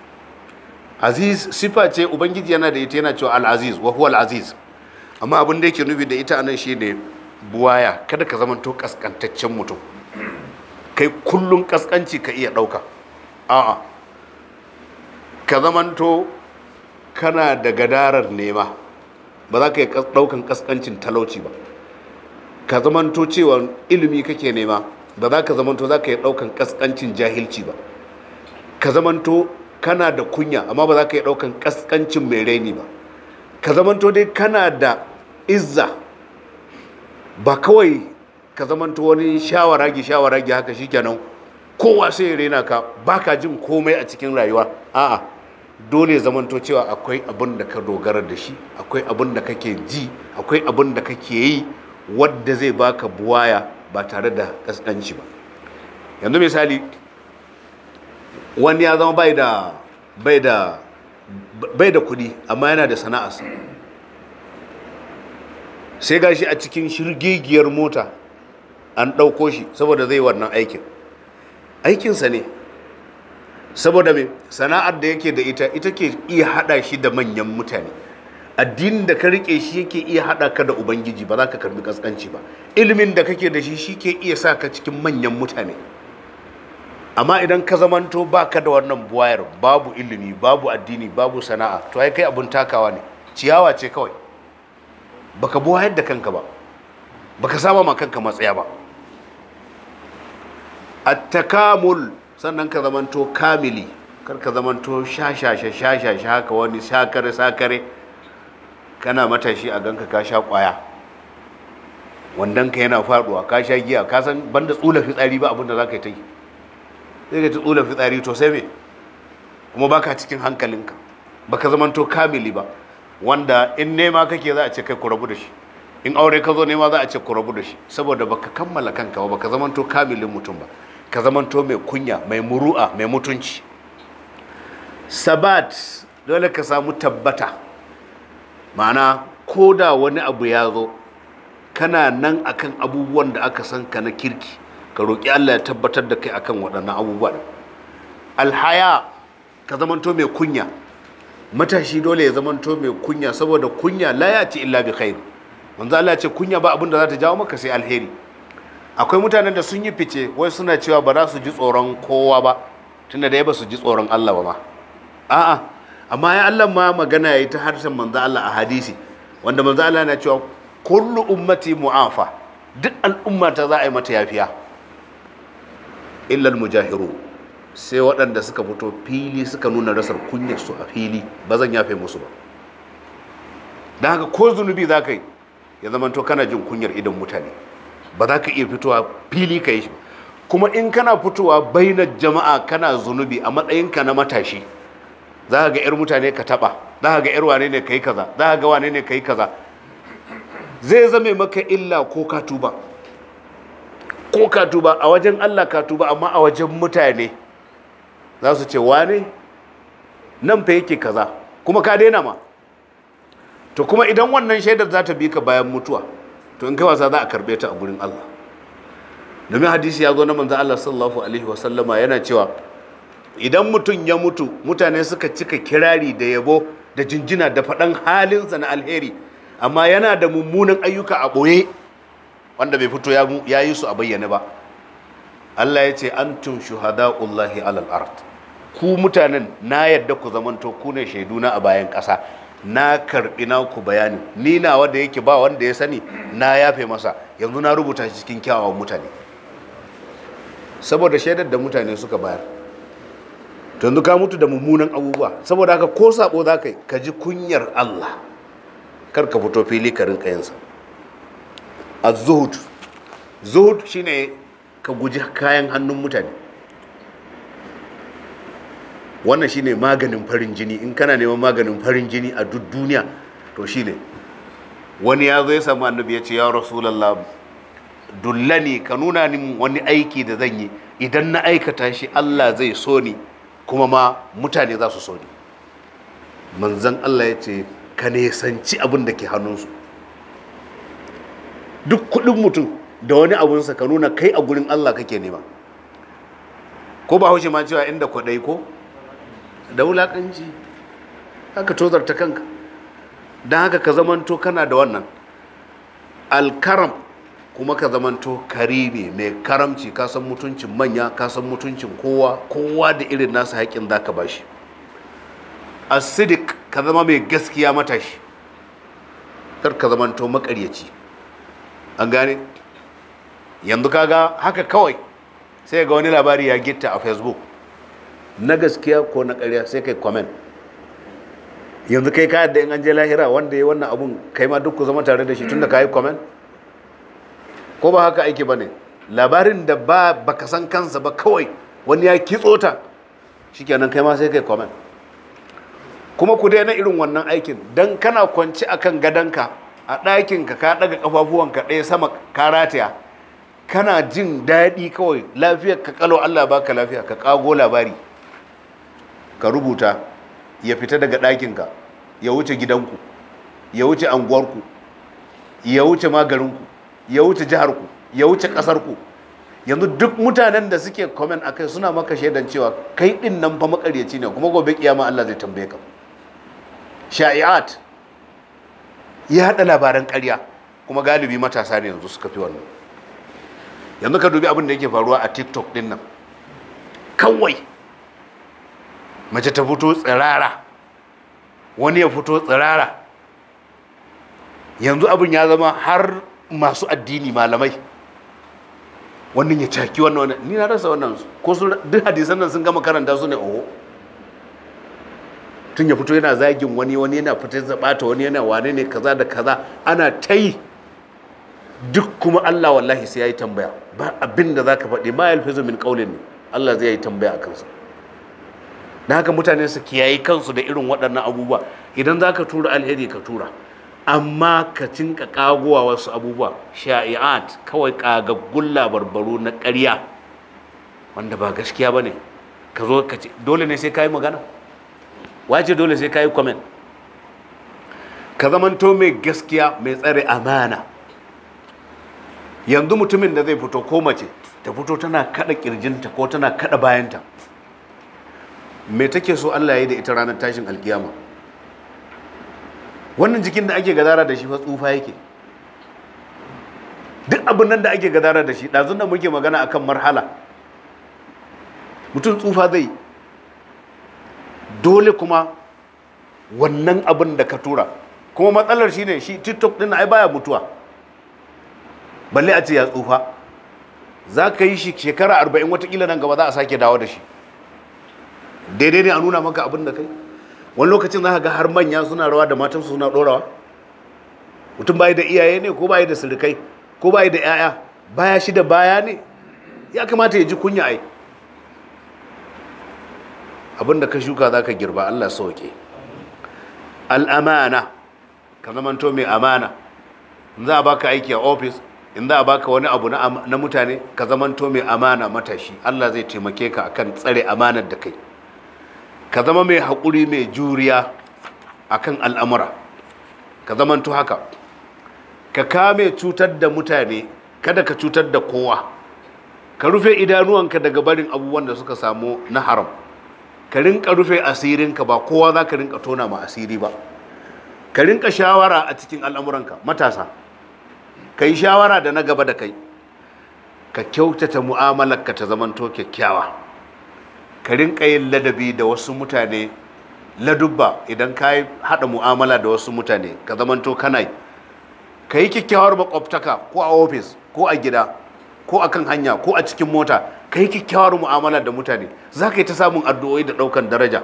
aziz sifa ce ubangiji yana da ita yana cewa al-aziz wa huwa al-aziz amma abin da yake nufi da ita anan ne buwaya kada ka zamanto kaskantaccen mutum kai kullun kaskanci ka iya ɗauka a'a ka zamanto kana da gadarar nema ba za ka yi ɗaukan kaskancin talauci ba ka zamanto cewa ilimi kake nema ba za ka zamanto za ka yi ɗaukan kaskancin jahilci ba ka zamanto kana da kunya amma ba za ka yi ɗaukan kaskancin mai raini ba ka zamanto dai kana da izza ba kawai ka zamanto wani shawaragi shawaragi haka shi shikenan kowa sai ya rena ka baka jin komai a cikin rayuwa a'a dole zamanto cewa akwai abin da ka dogara da shi akwai abin da kake ji akwai abin da kake yi wadda zai baka buwaya ba tare da kaskanci ba yanzu misali wani ya zama bai da bai kuɗi amma yana da sana'a sai ga shi a cikin shirgigiyar mota an ɗauko shi saboda zai wannan aikin aikinsa ne saboda mai sana'ar da yake da ita ita ke iya haɗa shi da manyan mutane addinin da ka rike shi yake iya haɗa ka da ubangiji ba za ka karbi kaskanci ba ilimin da kake da shi shi ke iya sa ka cikin manyan mutane amma idan ka zamanto ba ka da wannan buwayar babu ilimi babu addini babu sana'a to ai kai abun takawa ne ciyawa ce kawai baka buwayar da kanka ba baka saba ma kanka matsaya ba attakamul sannan ka zamanto kamili kar ka zamanto sha sha haka wani sakare sakare kana matashi a ganka ka sha kwaya ka yana faduwa ka sha giya ka san banda tsula fitsari ba abinda za ka yi ta yi sai ka tsula fitsari to sai me kuma baka cikin hankalinka baka zamanto kamili ba wanda in nema kake za a ce kai ku da shi in aure ka zo nema za a ce ku da shi saboda baka kammala kanka ba baka zamanto kamilin mutum ba ka zamanto mai kunya mai muru'a mai mutunci sabat dole ka samu tabbata ma'ana ko da wani abu ya zo kana nan akan abubuwan da aka san ka na kirki ka roƙi Allah ya tabbatar da kai akan waɗannan abubuwan alhaya ka zamanto mai kunya matashi dole ya zamanto mai kunya saboda kunya la ya ci illa bi khair manzo Allah ce kunya ba abin da za ta jawo maka sai alheri akwai mutanen da sun yi fice wai suna cewa ba za su ji tsoron kowa ba tunda da ba su ji tsoron Allah ba ma a'a amma ya Allah ma magana yayi ta harshen manzo Allah a hadisi wanda manzo Allah yana cewa kullu ummati mu'afa duk al'umma ta za a yi mata yafiya illa al-mujahiru sai waɗanda suka fito fili suka nuna rasar kunyar su a fili ba zan yafe musu ba da haka ko zunubi za ka yi ya zama to kana jin kunyar idan mutane ba za ka iya fitowa fili ka yi shi kuma in kana fitowa bainar jama'a kana zunubi a matsayinka na matashi za ka ga 'yar mutane ka taɓa za ka ga 'yar wane ne ka yi kaza za ka ga wane ne ka yi kaza zai zame maka illa ko ka tuba ko ka tuba a wajen allah ka tuba amma a wajen mutane za su ce wane nan fa yake kaza kuma ka daina ma to kuma idan wannan shaidar za ta bi ka bayan mutuwa to in kai wasa za a karbe ta a gurin Allah domin hadisi ya zo na manzo Allah sallallahu alaihi wa sallama yana cewa idan mutum ya mutu mutane suka cika kirari da yabo da jinjina da faɗan halinsa na alheri amma yana da mummunan ayyuka a ɓoye wanda bai fito ya yi su a bayyane ba Allah ya ce antum shuhada'ullahi alal ard ku mutanen na yadda ku zamanto ku ne shaiduna a bayan kasa na karɓi naku bayani ni na wanda yake ba wanda ya sani na yafe masa yanzu na rubuta shi cikin kyawawan mutane saboda shaidar da mutane suka bayar yanzu ka mutu da mummunan abubuwa saboda haka ko sabo za ka yi ka ji kunyar allah kar ka fito fili ka rinka yinsa a zuhud zuhud shine ka guji kayan hannun mutane wannan shine maganin farin jini in kana neman maganin farin jini a duk duniya to shine wani ya zo ya samu annabi ya ce ya rasulallah ne ka nuna ni wani aiki da zan yi idan na aikata shi Allah zai so ni kuma ma mutane za su so ni manzan Allah ya ce ka nesanci abin da ke hannunsu duk kudin mutum da wani abunsa ka nuna kai a gurin Allah kake nema ko ba haushe ma cewa inda kwaɗai ko da wulaƙanci haka tozarta kanka don haka ka zamanto kana da wannan alkaram kuma ka zamanto ne mai karamci ka san mutuncin manya ka san mutuncin kowa kowa da irin nasu haƙin za ka ba shi asidik ka zama mai gaskiya matashi kar ka zamanto makaryaci an gane yanzu kaga haka kawai sai ga wani labari ya gitta a facebook na gaskiya ko na ƙarya sai kai comment yanzu kai ka yadda in an je lahira wanda ya wannan abun kai ma duk ku zama tare da shi tunda ka yi comment ko ba haka aiki ba ne labarin da ba baka san kansa ba kawai wani ya kitso ta shikenan kai ma sai kai comment kuma ku daina irin wannan aikin dan kana kwanci akan gadanka a ɗakin ka ka ɗaga ƙafafuwanka ɗaya sama ka rataya kana jin daɗi kawai lafiyar ka kalo Allah baka lafiya ka kago labari ka rubuta ya fita daga ɗakinka ya wuce gidanku ya wuce anguwarku ya wuce magarinku ya wuce jiharku ya wuce ƙasarku yanzu duk mutanen da suke komen a kai suna maka shaidan cewa kai ɗin nan fa makaryaci ne kuma gobe kiyama Allah zai tambaye ka sha'i'at ya haɗa labaran ƙarya kuma galibi matasa ne yanzu suka fi wannan yanzu ka dubi abin da yake faruwa a tiktok ɗin nan kawai mace ta fito tsirara wani ya fito tsirara yanzu abin ya zama har masu addini malamai wannan ya caki wannan wannan ni na rasa wannan ko su duk hadisan nan sun gama karanta su ne oho tun ya fito yana zagin wani wani yana fita zabata wani yana wane ne kaza da kaza ana ta yi duk kuma Allah wallahi sai ya yi tambaya ba abin da za ka faɗi ma yalfizu min ƙaunin ne Allah zai yi tambaya a kansa da haka mutane su kiyaye kansu da irin waɗannan abubuwa idan za ka tura alheri ka tura amma ka cinka kagowa wasu abubuwa sha'i'at kawai kagaggun labarbaru na ƙarya wanda ba gaskiya ba ne ka zo ka ce dole ne sai ka yi magana wace dole sai ka yi kwamen ka zamanto mai gaskiya mai tsare amana yanzu mutumin da zai fito ko mace ta fito tana kada kirjinta ko tana kada bayanta me take so Allah ya yi da ita ranar tashin alkiyama wannan jikin da ake gadara da shi fa tsufa yake duk abin nan da ake gadara da shi ɗazun da muke magana akan marhala mutum tsufa zai dole kuma wannan abin da ka tura kuma matsalar shi ne shi tiktok ɗin ai baya mutuwa balle a ce ya tsufa za ka yi shi shekara arba'in watakila nan gaba za a sake dawo da shi daidai ne a nuna maka abin da kai wani lokacin za ka ga har manya suna rawa da matansu suna ɗorawa mutum bayi da iyaye ne ko bayi da sirikai ko bayi da 'ya'ya baya shi da baya ne ya kamata ya ji kunya ai abin da ka shuka za ka girba allah sauke al'amana ka zamanto mai amana in za a baka aiki a ofis in za a baka wani abu na mutane ka zamanto mai amana matashi allah zai taimake ka akan tsare amanar da kai ka zama mai haƙuri mai juriya a kan al'amura ka tu haka ka kame cutar da mutane kada ka cutar da kowa ka rufe idanuwanka daga barin abubuwan da suka samu na haram ka rinka rufe asirinka ba kowa za ka rinka tona ma asiri ba ka rinka shawara a cikin al'amuranka matasa ka yi shawara da na gaba da kai ka kyautata mu'amalarka ta zamanto kyakkyawa ka rinka yin ladabi da wasu mutane ladubba idan ka yi haɗa mu'amala da wasu mutane ka zamanto kana ka yi kyakkyawar makwabtaka ko a ofis ko a gida ko a kan hanya ko a cikin mota ka yi kyakkyawar mu'amala da mutane za ka yi ta samun addu'o'i da ɗaukan daraja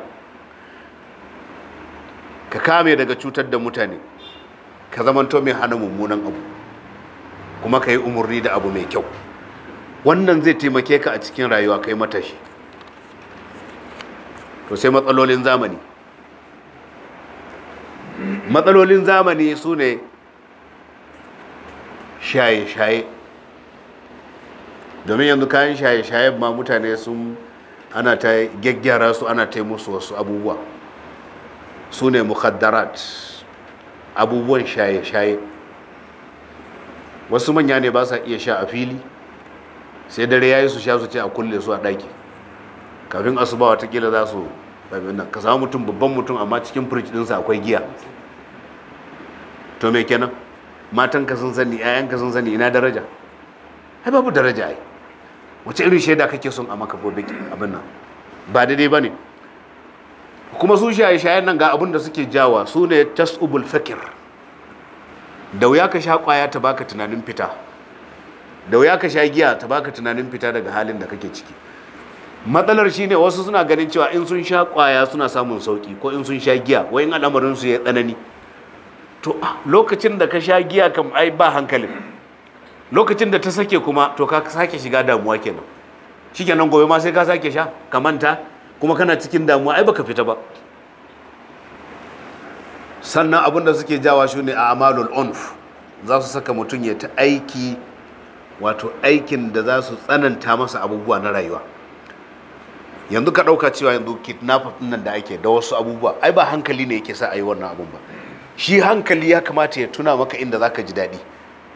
ka kame daga cutar da mutane ka zamanto mai hana mummunan abu kuma ka yi umurni da abu mai kyau wannan zai taimake ka a cikin rayuwa kai matashi to sai matsalolin zamani matsalolin zamani su ne shaye-shaye domin yanzu kayan shaye-shaye ma mutane sun ana ta gyaggyara su ana ta musu wasu abubuwa su ne mukaddarat abubuwan shaye-shaye wasu manya ne ba sa iya sha a fili sai dare ya yi su sha su ce a kulle su a ɗaki kafin asuba watakila za su babin ka samu mutum babban mutum amma cikin fridge ɗinsa akwai giya to me kenan matan ka sun sani ƴaƴan ka sun sani ina daraja ai babu daraja ai wace irin shaida kake son a maka gobe abin nan ba daidai ba ne kuma su shaye shayen nan ga abin da suke jawa su ne tasubul fakir da wuya ka sha kwaya ta baka tunanin fita da wuya ka sha giya ta baka tunanin fita daga halin da kake ciki matsalar shine wasu suna ganin cewa in sun sha kwaya suna samun sauki ko in sun sha giya wai in al'amarin su ya tsanani to ah, lokacin da ka sha giya kam ai ba hankalin lokacin da ta sake kuma to ka sake shiga damuwa kenan shikenan gobe ma sai ka sake sha ka manta kuma kana cikin damuwa ai baka fita ba sannan abin da suke jawa shi ne a amalul onf za su saka mutum ya ta aiki wato aikin da za su tsananta masa abubuwa na rayuwa yanzu ka ɗauka cewa yanzu kidnapper nan da ake da wasu abubuwa ai ba hankali ne yake sa a yi wannan abun ba shi hankali ya kamata ya tuna maka inda za ka ji daɗi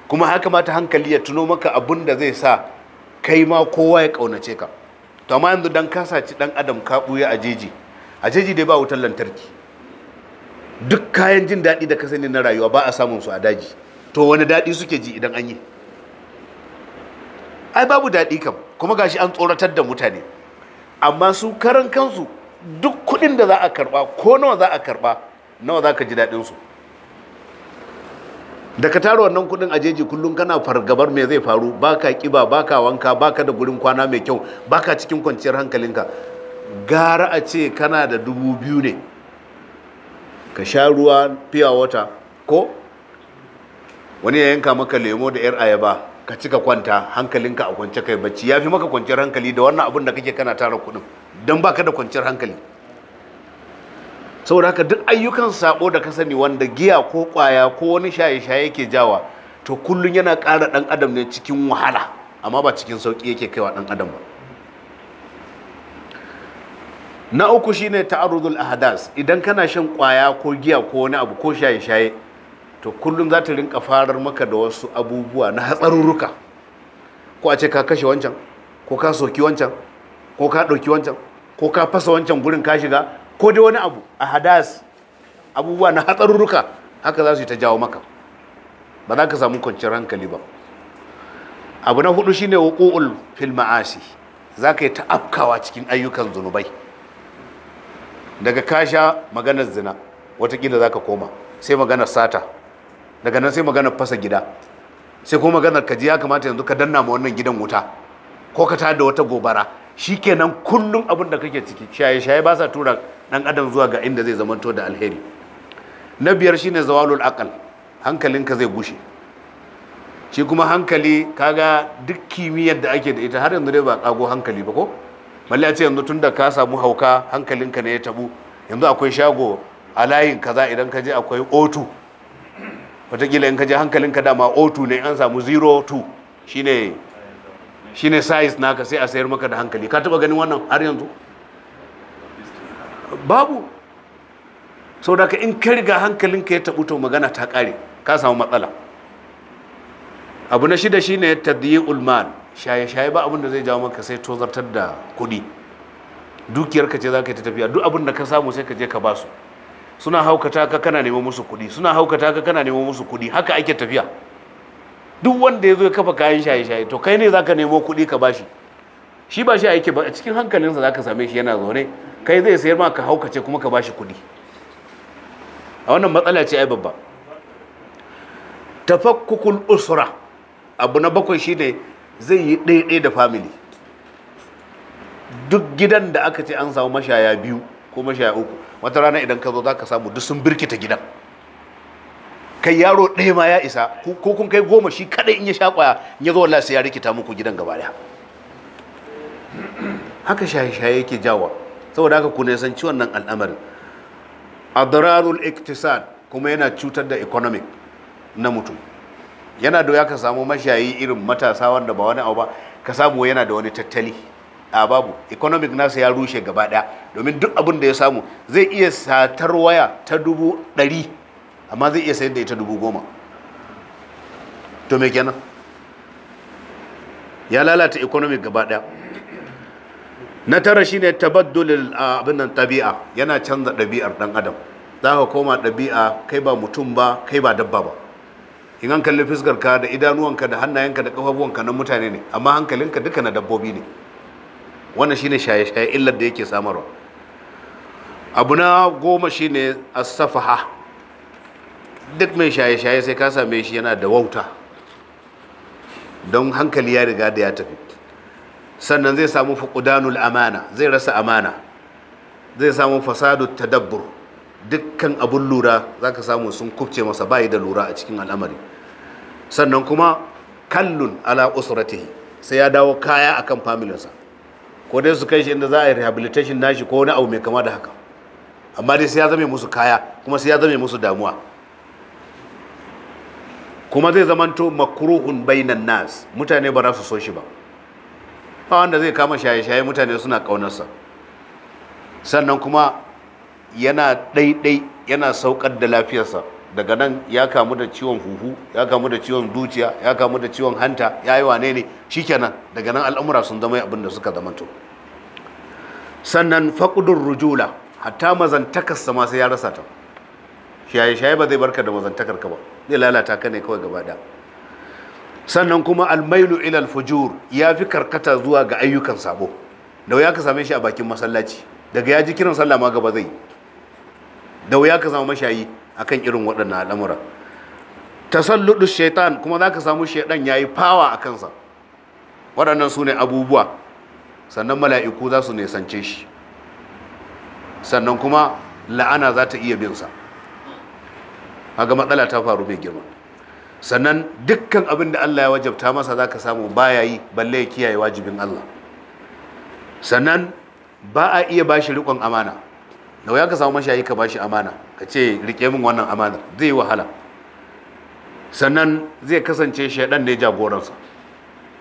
kuma ya kamata hankali ya tuno maka abun da zai sa kai ma kowa ya ƙaunace ka to amma yanzu dan kasa ci dan adam ka ɓuya a jeji a jeji dai ba wutar lantarki duk kayan jin daɗi da ka sani na rayuwa ba a samun su a daji to wani daɗi suke ji idan an yi ai babu daɗi kam kuma gashi an tsoratar da mutane amma su karan kansu duk kudin da za a karba ko nawa za a karba nawa za ka ji daɗinsu da ka tara wannan kudin a jeji kullum kana fargabar me zai faru ba baka kiba ka wanka baka da gurin kwana mai kyau ba ka cikin kwanciyar hankalinka gara a ce kana da dubu biyu ne ka sha ruwa fiya wata ko wani ya yanka maka lemo da 'yar ayaba ka cika kwanta hankalinka a kwance kai bacci ya fi maka kwanciyar hankali da wannan abin da kake kana tara kuɗin don baka da kwanciyar hankali saboda haka duk ayyukan sabo da ka sani wanda giya ko kwaya ko wani shaye-shaye ke jawa to kullum yana ƙara ɗan adam ne cikin wahala amma ba cikin sauƙi yake kaiwa ɗan adam ba na uku shine ta'arudul ahadas idan kana shan kwaya ko giya ko wani abu ko shaye-shaye to kullum za ta rinka farar maka da wasu abubuwa na hatsarurruka ko a ce ka kashe wancan ko ka soki wancan ko ka ɗauki wancan ko ka fasa wancan gurin ka shiga ko dai wani abu a hadas abubuwa na hatsarurruka haka za su yi ta jawo maka ba za ka samu kwanciyar hankali ba abu na hudu shine wuqu'ul fil ma'asi za ka yi ta afkawa cikin ayyukan zunubai daga kasha maganar zina watakila za ka koma sai maganar sata daga nan sai maganar fasa gida sai kuma maganar kaji ya kamata yanzu ka danna ma wannan gidan wuta ko ka tada wata gobara shi shikenan kullum abin da kake ciki shaye shaye ba sa tura dan adam zuwa ga inda zai zamanto da alheri na biyar shine zawalul aqal hankalinka zai gushe shi kuma hankali kaga duk kimiyyar da ake da ita har yanzu dai ba kago hankali ba ko balle a ce yanzu tunda ka samu hauka hankalinka ne ya tabu yanzu akwai shago a layin kaza idan ka je akwai otu watakila in ka ji ka dama o2 ne an samu 02 shine shine size naka sai a sayar maka da hankali ka taba ganin wannan har yanzu babu sau da ka in ka riga ka ya tabu to magana ta kare ka samu matsala abu na shida shine tadyi'ul ulman shaye-shaye ba abin da zai jawo maka sai tozartar da kuɗi dukiyarka ce za ka yi ta tafiya duk abin da ka samu sai ka je ka basu suna haukata ka kana nemo musu kuɗi suna haukata ka kana nemo musu kuɗi haka ake tafiya duk wanda ya zo ya kafa kayan shaye-shaye to kai ne za ka nemo kuɗi ka bashi shi ba shi aiki ba a cikin hankalinsa za ka same shi yana zaune kai zai sayar ma ka haukace kuma ka bashi kuɗi a wannan matsala ce ai babba tafakkukul usra abu na bakwai shine zai yi ɗaiɗai da family duk gidan da aka ce an samu mashaya biyu ko mashaya uku wata rana idan ka zo za ka samu duk sun birkita gidan kai yaro ɗaya ma ya isa ko kun kai goma shi kaɗai in ya sha ƙwaya ya zo wallahi sai ya rikita muku gidan gaba daya haka shaye-shaye yake jawa saboda haka ku ne san ciwon nan al'amarin adrarul iktisad kuma yana cutar da economic na mutum yana da ya ka samu mashayi irin matasa wanda ba wani abu ba ka samu yana da wani tattali a babu economic nasa ya rushe gaba daya domin duk abin da ya samu zai iya satar waya ta dubu ɗari amma zai iya sayar da ita dubu goma to me kenan ya lalata economic gaba daya na tara shine tabaddulil abin nan tabi'a yana canza ɗabi'ar ɗan adam za ka koma ɗabi'a kai ba mutum ba kai ba dabba ba in an kalli ka da idanuwanka da hannayenka da kafafuwanka na mutane ne amma hankalinka duka na dabbobi ne wannan shine shaye-shaye illar da yake samarwa abu na goma shine asafaha duk mai shaye-shaye sai ka same shi yana da wauta don hankali ya riga da ya tafi sannan zai samu fuqdanul amana zai rasa amana zai samu fasadu tadabbur dukkan abun lura zaka samu sun kubce masa bayi da lura a cikin al'amari sannan kuma kallun ala usratihi sai ya dawo kaya akan familinsa ko dai su kai shi inda za a yi rehabilitation nashi ko wani abu mai kama da haka amma dai sai ya zame musu kaya kuma sai ya zame musu damuwa kuma zai zamanto makruhun bainan nas mutane ba za su so shi ba ba wanda zai kama shaye-shaye mutane suna kaunarsa sannan kuma yana daidai yana saukar da lafiyarsa daga nan ya kamu da ciwon huhu ya kamu da ciwon zuciya ya kamu da ciwon hanta ya yi wane ne shikenan daga nan al'amura sun zama abin da suka zamanta. sannan faƙudun rujula hatta mazantakarsa ma sai ya rasa ta shaye shaye ba zai barka da mazantakar ka ba zai lalata ka ne kawai gaba da sannan kuma almailu ilal fujur ya fi karkata zuwa ga ayyukan sabo da ya ka same shi a bakin masallaci daga ya ji kiran sallah ma gaba zai da ya ka zama mashayi akan irin waɗannan al'amuran luɗu shaitan kuma za ka samu shaitan ya yi fawa a kansa waɗannan su ne abubuwa sannan mala'iku za su nesance shi sannan kuma la'ana za ta iya binsa haga matsala ta faru mai girma sannan dukkan abin da Allah ya wajabta masa za ka samu baya yi balle ya kiyaye wajibin Allah sannan ba a iya bashi riƙon amana da ya ka samu mashayi ka bashi amana ka ce rike min wannan amana zai yi wahala sannan zai kasance shaidan ne jagoransa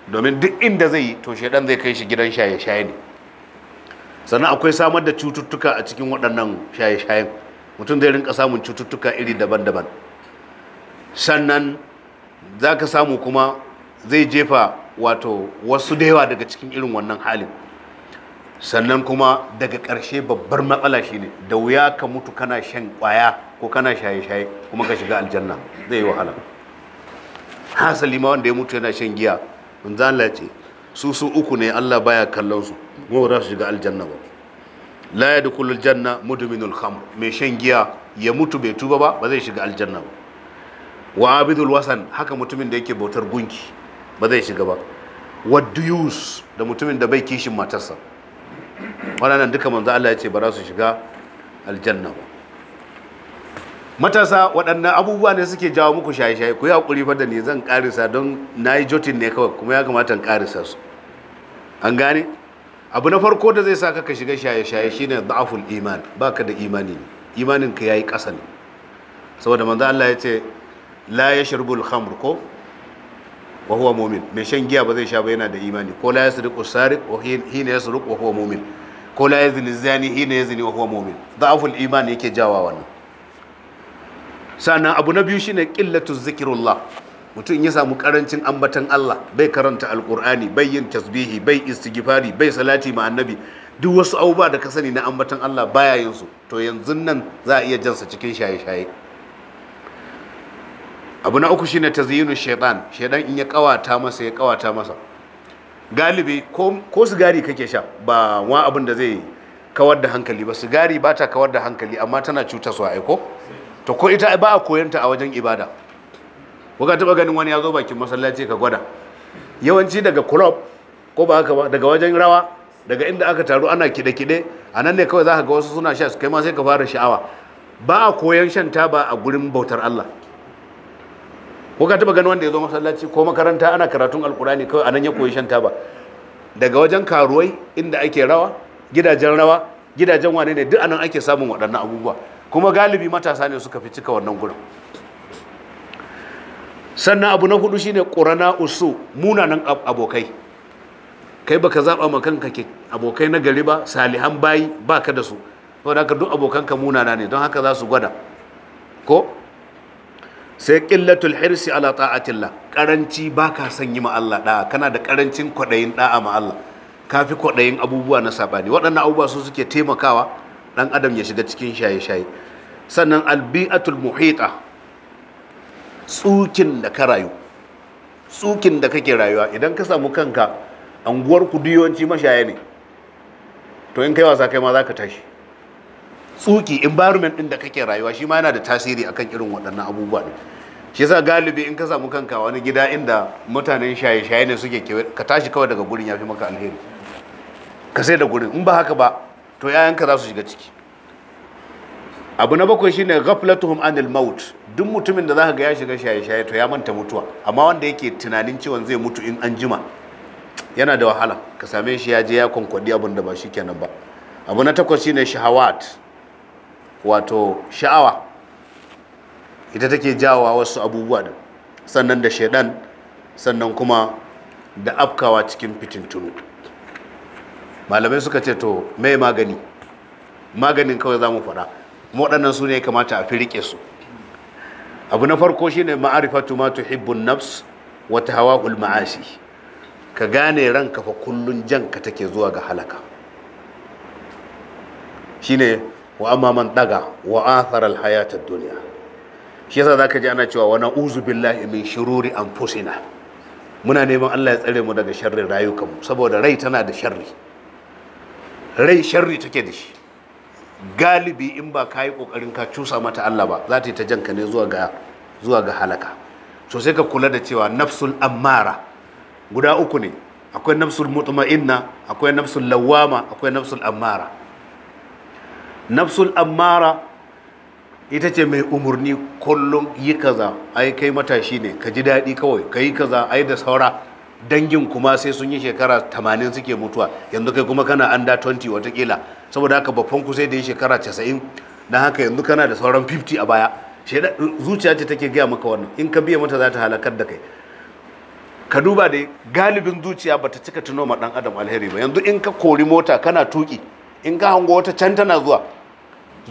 domin duk inda zai yi to shaidan zai kai shi gidan shaye-shaye ne sannan akwai samar da cututtuka a cikin waɗannan shaye shaye mutum zai rinka samun cututtuka iri daban-daban sannan za ka samu kuma zai jefa wato wasu da yawa daga cikin irin wannan halin sannan kuma daga ƙarshe babbar matsala shine da wuya ka mutu kana shan ƙwaya ko kana shaye-shaye kuma ka shiga aljanna zai yi wahala hasali ma wanda ya mutu yana shan giya manzo Allah ce su su uku ne Allah baya kallon su kuma ba za su shiga aljanna ba la yadkhulul janna mudminul khamr mai shan giya ya mutu bai tuba ba ba zai shiga aljanna ba wa abidul wasan haka mutumin da yake bautar gunki ba zai shiga ba wa da mutumin da bai kishin matarsa waɗannan duka manzo Allah ya ce ba za su shiga aljanna ba matasa waɗannan abubuwa ne suke jawo muku shaye-shaye ku yi haƙuri fa da ni zan karisa don nayi yi jotin ne kawai kuma ya kamata in karisa su an gane abu na farko da zai sa ka shiga shaye-shaye shine da'aful iman baka da imani ne imanin ka yayi ƙasa ne saboda manzo Allah ya ce la yashrubul khamr ko wa huwa mu'min mai shan giya ba zai sha ba yana da imani ko la yasriqu sariq wa hina yasriqu wa huwa mu'min ko la yazni zani hina yazni wa huwa mu'min da'aful iman yake jawa wannan sannan abu na biyu shine qillatu zikrullah mutum ya samu karancin ambatan Allah bai karanta alkur'ani bai yin tasbihi bai istighfari bai salati ma annabi duk wasu abubuwa da ka sani na ambatan Allah baya yin su to yanzu nan za a iya jansa cikin shaye-shaye abu na uku shine tazyinu shaitan shaidan in ya kawata masa ya kawata masa galibi ko, sigari kake sha ba wa abin da zai kawar da hankali ba sigari ba ta kawar da hankali amma tana cuta su aiko to ko ita ba a koyanta a wajen ibada kuka taba ganin wani ya zo bakin masallaci ka gwada yawanci daga club ko ba haka ba daga wajen rawa daga inda aka taru ana kide-kide a nan ne kawai za ka ga wasu suna sha su kai ma sai ka fara sha'awa ba a koyan shan taba a gurin bautar Allah ko ka taba gani wanda ya zo masallaci ko makaranta ana karatun alkurani kawai anan ya koyi shan taba daga wajen karuwai inda ake rawa gidajen rawa gidajen wane ne duk anan ake samun waɗannan abubuwa kuma galibi matasa ne suka fi cika wannan gurin sannan abu na hudu shine ƙurana usu munanan abokai kai baka zaɓa ma kanka abokai na gari ba salihan bayi baka da su saboda haka duk abokanka munana ne don haka za su gwada ko sai ƙillatul hirsi ala ta'atillah karanci baka son yi Allah kana da karancin kwaɗayin da'a ma Allah fi kwaɗayin abubuwa na saɓani waɗannan abubuwa su suke taimakawa ɗan adam ya shiga cikin shaye-shaye sannan albi'atul muhita tsukin da ka rayu tsukin da kake rayuwa idan ka samu kanka anguwar ku duk yawanci mashaye ne to in kai wasa kai ma za ka tashi tsuki environment din da kake rayuwa shi ma yana da tasiri akan irin waɗannan abubuwa ne shi yasa galibi in ka samu kanka wani gida inda mutanen shaye-shaye ne suke kewa ka tashi kawai daga gurin ya fi maka alheri ka sai da gurin in ba haka ba to ka za su shiga ciki abu na bakwai shine ghaflatuhum anil maut duk mutumin da zaka ga ya shiga shaye-shaye to ya manta mutuwa amma wanda yake tunanin cewa zai mutu in an jima yana da wahala ka same shi ya je ya kwankwadi abin da ba shi kenan ba abu na takwas shine shahawat wato sha'awa ita take jawa wasu abubuwa da sannan da shaidan sannan kuma da afkawa cikin fitintunu malamai suka ce to mai magani maganin kawai za mu faɗa waɗannan su ne kamata a fi riƙe su abu na farko shine ma'arifatu ma tuhibbun nafs wa hawa Ulmaashi ka gane ranka fa kullun janka take zuwa ga halaka shine wa amma man daga wa athara alhayata dunya shi yasa zaka ji ana cewa wa na'uzu billahi min shururi anfusina muna neman Allah ya tsare mu daga sharrin mu saboda rai tana da sharri rai sharri take da shi galibi in ba ka yi kokarin ka cusa mata Allah ba za ta yi ta janka ne zuwa ga zuwa ga halaka to sai ka kula da cewa nafsul ammara guda uku ne akwai nafsul mutma'inna akwai nafsul lawama akwai nafsul ammara nafsul ammara ita ce mai umarni kullum yi kaza ai kai matashi ne ka ji daɗi kawai ka yi kaza ai da saura dangin kuma sai sun yi shekara 80 suke mutuwa yanzu kai kuma kana da 20 watakila saboda haka babban ku sai da yi shekara 90 na haka yanzu kana da sauran 50 a baya zuciya ce take gaya maka wannan in ka biya mata za ta halakar da kai ka duba da galibin zuciya bata cika tuno ma dan adam alheri ba yanzu in ka kori mota kana tuki in ka hango wata can tana zuwa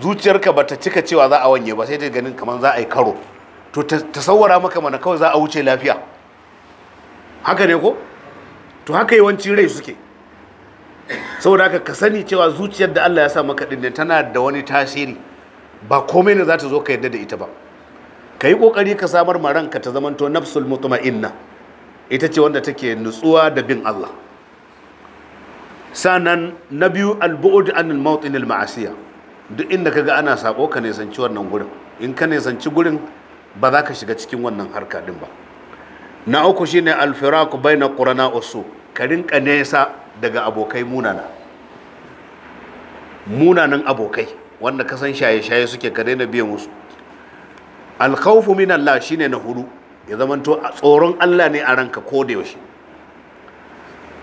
zuciyarka ta cika cewa za a wanye ba sai ta ganin kamar za a yi karo to ta sawara maka mana kawai za a wuce lafiya haka ne ko to haka yawanci rai suke saboda haka ka sani cewa zuciyar da Allah ya sa maka din tana da wani tasiri ba komai ne za ta zo ka yadda da ita ba ka yi kokari ka samar ma ranka ta zamanto nafsul Inna. ita ce wanda take nutsuwa da bin Allah sannan na biyu albu'ud an mawtin ma'asiya duk inda kaga ana sako ka nisanci wannan gurin in ka nisanci gurin ba za ka shiga cikin wannan harka din ba na uku shine alfiraku baina qurana usu ka rinka nesa daga abokai munana munanan abokai wanda ka san shaye shaye suke ka daina biyan musu al minallah min Allah shine na hudu ya zamanto tsoron Allah ne a ranka ko da yaushe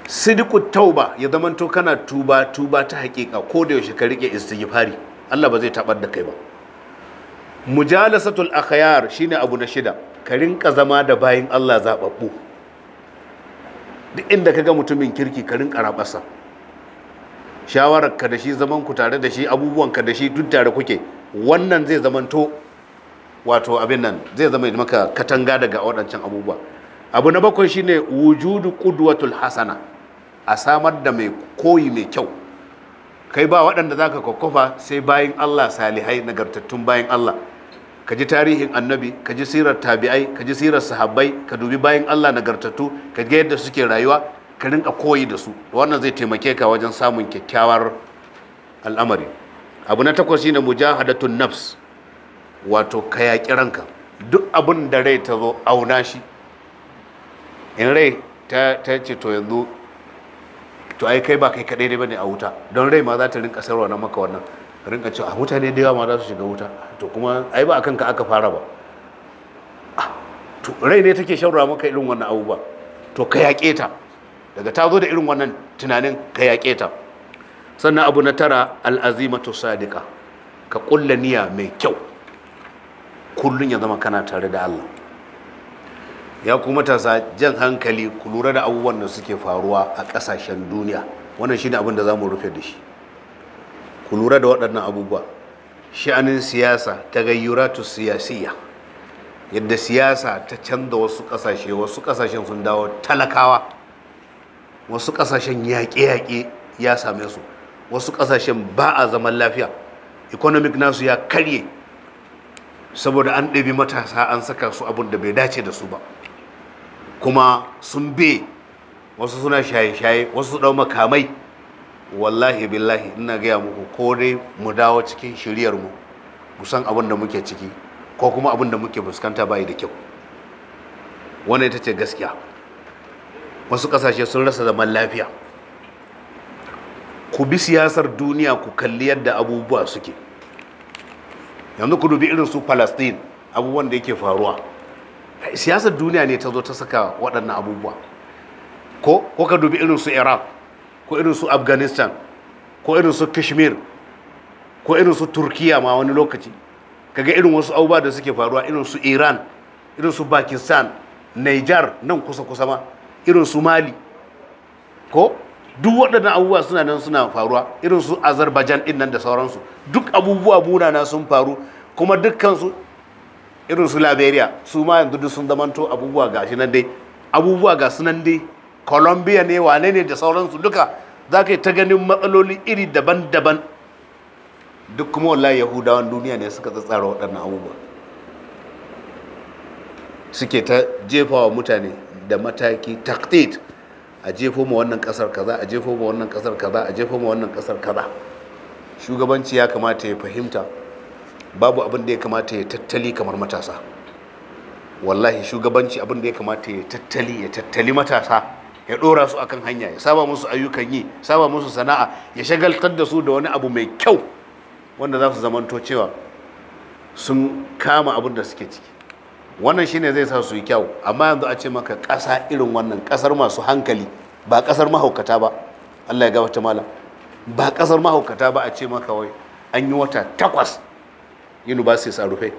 sidiku tauba ya zamanto kana tuba tuba ta hakika ko da yaushe ka rike istighfari Allah ba zai tabar da kai ba mujalasatul akhyar shine abu na shida ka rinka zama da bayin Allah zababbu duk inda kaga mutumin kirki ka rinka rabasa shawarar ka da shi zaman ku tare da shi abubuwan ka da shi duk tare kuke wannan zai to wato abin nan zai zama maka katanga daga waɗancan abubuwa abu na bakwai shine wujudu qudwatul hasana a samar da mai koyi mai kyau kai ba waɗanda za ka kwakwafa sai bayan allah salihai nagartattun bayan allah ka ji tarihin annabi ka ji sirar tabi'ai ka ji sirar sahabbai ka dubi bayan allah nagartattu ka ga yadda suke rayuwa ka rinka koyi da su wannan zai taimake ka wajen samun kyakkyawar al'amari abu na takwas shine mujahadatun nafs wato ka yaƙi ranka duk abin da rai ta zo auna shi in rai ta ce to yanzu to ai kai ba kai kadai ne bane a wuta don rai ma za ta rinka sarwa na maka wannan rinka cewa mutane da yawa ma za su shiga wuta to kuma ai ba akan ka aka fara ba ah, to rai ne take shaura maka irin wannan abubuwa to ka yaƙe ta daga ta zo da irin wannan tunanin ka yaƙe ta sannan abu na tara al'azimatu sadiqa ka ƙulla niyya mai kyau kullun ya zama kana tare da Allah ya kuma matasa jan hankali ku lura da abubuwan da suke faruwa a ƙasashen duniya wannan shine abin da za mu rufe da shi ku lura da waɗannan abubuwa sha'anin siyasa ta gayyuratu siyasiya yadda siyasa ta canza wasu ƙasashe wasu ƙasashen sun dawo talakawa wasu ƙasashen yaƙe-yaƙe ya same su wasu ƙasashen ba a zaman lafiya economic nasu ya karye saboda an ɗabi matasa an saka su abin da bai dace da su ba kuma sun be wasu suna shaye-shaye wasu su makamai wallahi billahi ina gaya muku ko dai mu dawo cikin shiryar mu mu san abin da muke ciki ko kuma abin da muke fuskanta bai da kyau wannan ita ce gaskiya wasu ƙasashe sun rasa zaman lafiya ku bi siyasar duniya ku kalli yadda abubuwa suke yanzu ku dubi irin su palestine abubuwan da yake faruwa siyasar duniya ne ta zo ta saka waɗannan abubuwa ko ko ka dubi irin su iraq ko irin su afghanistan ko irin su kashmir ko irin su turkiya ma wani lokaci kaga irin wasu abubuwa da suke faruwa irin su iran irin su pakistan niger nan kusa kusa ma irin su mali ko duk waɗannan abubuwa suna nan suna faruwa irin su azerbaijan din nan da sauransu duk abubuwa munana sun faru kuma dukkan su. irin su liberia su ma yanzu duk sun zamanto abubuwa ga shi nan dai abubuwa ga su nan dai colombia ne wane ne da sauransu duka za ka yi ta ganin matsaloli iri daban-daban duk kuma wallahi yahudawan duniya ne suka tsatsara waɗannan abubuwa suke ta jefawa mutane da mataki taktit a jefo ma wannan kasar kaza a jefo ma wannan kasar kaza a jefo ma wannan kasar kaza shugabanci ya kamata ya fahimta babu abin da ya kamata ya tattali kamar matasa wallahi shugabanci abin da ya kamata ya tattali ya tattali matasa ya ɗora su akan hanya ya saba musu ayyukan yi saba musu sana'a ya shagaltar da su da wani abu mai kyau wanda za su zamanto cewa sun kama abin da suke ciki wannan shine zai sa su yi kyau amma yanzu a ce maka ƙasa irin wannan ƙasar masu hankali ba ƙasar mahaukata ba Allah ya gabata malam ba ƙasar mahaukata ba a ce maka wai an yi wata takwas universities a rufe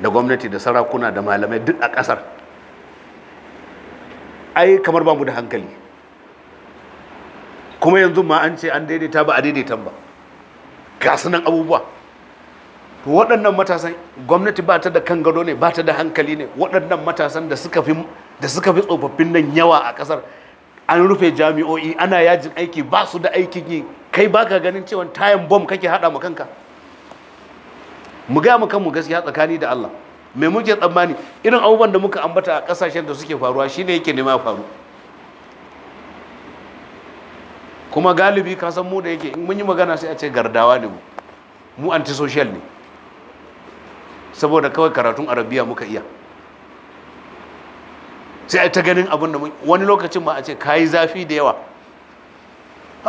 da gwamnati da sarakuna da malamai duk a ƙasar ai kamar ba mu da hankali kuma yanzu ma an ce an daidaita ba a daidaita ba ga sunan abubuwa to waɗannan matasan gwamnati ba ta da kan gado ne ba ta da hankali ne waɗannan matasan da suka fi da suka fi tsofaffin nan yawa a ƙasar an rufe jami'o'i ana yajin aiki ba su da aikin yi kai baka ganin cewa tayan bom kake hada mu kanka mu ga mu kanmu gaskiya tsakani da Allah me muke tsammani irin abubuwan da muka ambata a kasashen da suke faruwa shine yake nema faru kuma galibi ka san mu da yake in mun yi magana sai a ce gardawa ne mu mu social ne saboda kawai karatun arabiya muka iya sai ta ganin abin da wani lokacin ma a ce kayi zafi da yawa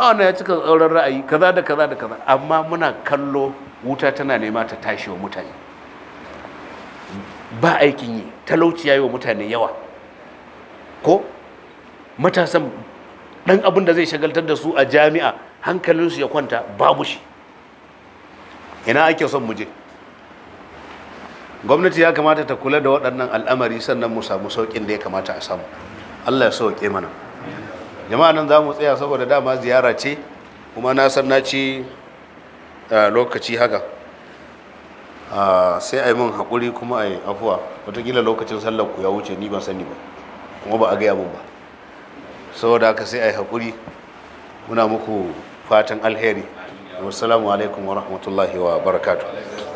a wannan ya cika tsauran ra'ayi kaza da kaza da kaza amma muna kallo wuta tana nema ta tashi wa mutane ba aikin yi talauci ya yi wa mutane yawa ko matasan ɗan abin da zai shagaltar da su a jami'a hankalinsu ya kwanta babu shi ina ake son mu je gwamnati ya kamata ta kula da waɗannan al'amari sannan mu samu sauƙin da ya kamata a samu allah ya sauƙe mana jama'a nan za mu tsaya saboda dama ziyara ce kuma na san na ci lokaci haka sai a yi min haƙuri kuma a yi afuwa watakila lokacin sallar ku ya wuce ni ban sani ba kuma ba a gaya mun ba saboda haka sai a yi haƙuri muna muku fatan alheri wassalamu alaikum wa rahmatullahi wa barakatuh